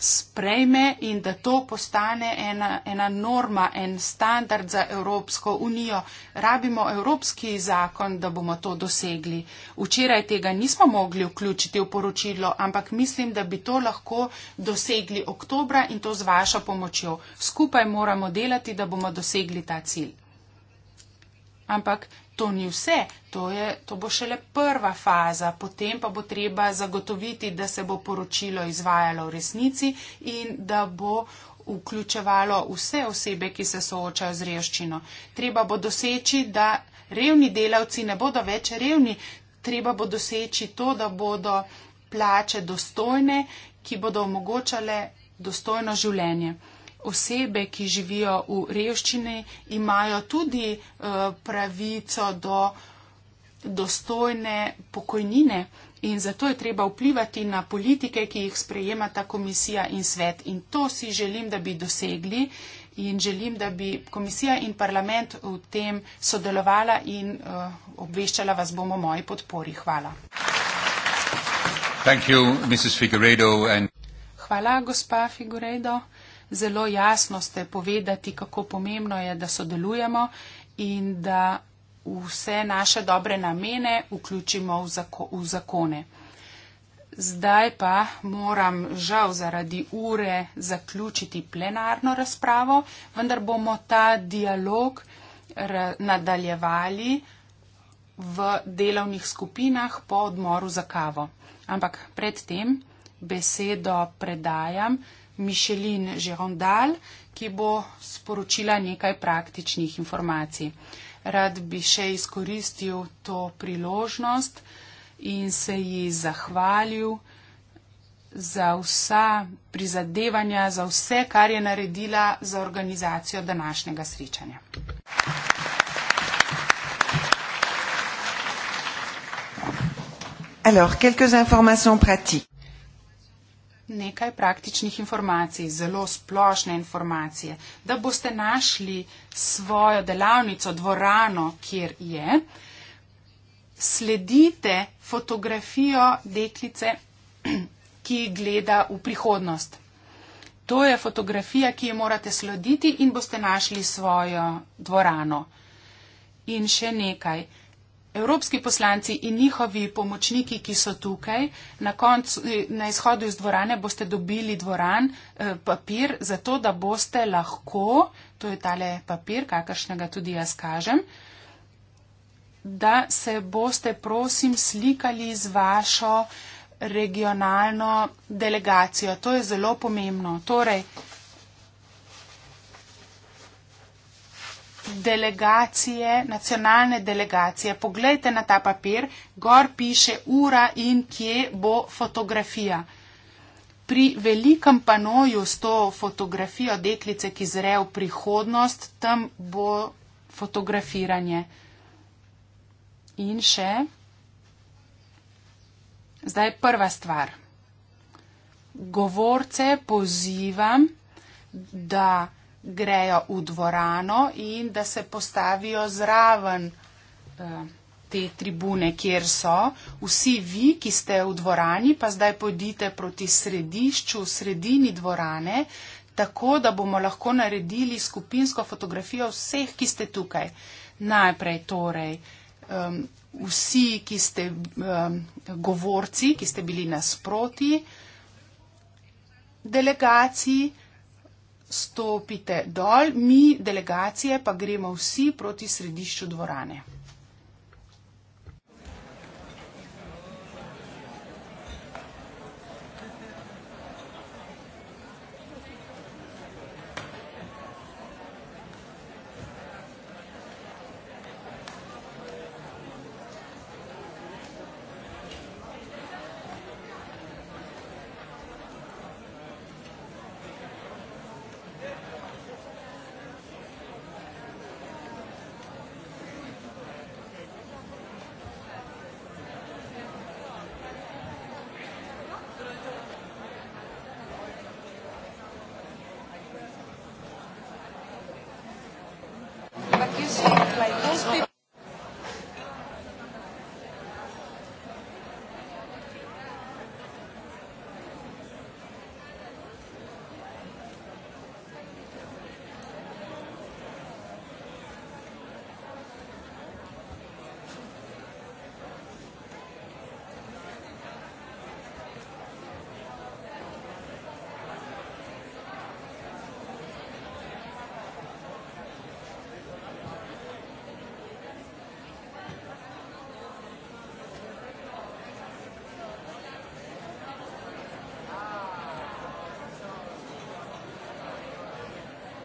sprejme in da to postane ena, ena norma, en standard za Evropsko unijo. Rabimo evropski zakon, da bomo to dosegli. Včeraj tega nismo mogli vključiti v poročilo, ampak mislim, da bi to lahko dosegli oktobra in to z vašo pomočjo. Skupaj moramo delati, da bomo dosegli ta cilj. Ampak to ni vse, to, je, to bo šele prva faza, potem pa bo treba zagotoviti, da se bo poročilo izvajalo v resnici in da bo vključevalo vse osebe, ki se soočajo z revščino. Treba bo doseči, da revni delavci ne bodo več revni, treba bo doseči to, da bodo plače dostojne, ki bodo omogočale dostojno življenje osebe, ki živijo v revščini, imajo tudi eh, pravico do dostojne pokojnine. In zato je treba vplivati na politike, ki jih sprejema ta komisija in svet. In to si želim, da bi dosegli in želim, da bi komisija in parlament v tem sodelovala in uh, obveščala vas bomo o moji podpori. Hvala. You, Hvala, gospa Figuredo zelo jasno ste povedati, kako pomembno je, da sodelujemo in da vse naše dobre namene vključimo v, zako, v zakone. Zdaj pa moram žal zaradi ure zaključiti plenarno razpravo, vendar bomo ta dialog nadaljevali v delovnih skupinah po odmoru za kavo. Ampak predtem besedo predajam Mišelin Žerondal, ki bo sporočila nekaj praktičnih informacij. Rad bi še izkoristil to priložnost in se ji zahvalil za vsa prizadevanja, za vse, kar je naredila za organizacijo današnjega srečanja. Alors, quelques informations pratiques nekaj praktičnih informacij, zelo splošne informacije, da boste našli svojo delavnico, dvorano, kjer je, sledite fotografijo deklice, <clears throat> ki gleda v prihodnost. To je fotografija, ki jo morate slediti in boste našli svojo dvorano. In še nekaj evropski poslanci in njihovi pomočniki, ki so tukaj, na, koncu, na izhodu iz dvorane boste dobili dvoran eh, papir, zato da boste lahko, to je tale papir, kakršnega tudi jaz kažem, da se boste, prosim, slikali z vašo regionalno delegacijo. To je zelo pomembno. Torej, delegacije, nacionalne delegacije. Poglejte na ta papir, gor piše ura in kje bo fotografija. Pri velikem panoju s to fotografijo deklice, ki zre v prihodnost, tam bo fotografiranje. In še. Zdaj prva stvar. Govorce pozivam, da grejo v dvorano in da se postavijo zraven eh, te tribune, kjer so. Vsi vi, ki ste v dvorani, pa zdaj pojdite proti središču, sredini dvorane, tako da bomo lahko naredili skupinsko fotografijo vseh, ki ste tukaj. Najprej torej um, vsi, ki ste um, govorci, ki ste bili nasproti delegaciji, stopite dol, mi delegacije pa gremo vsi proti središču dvorane.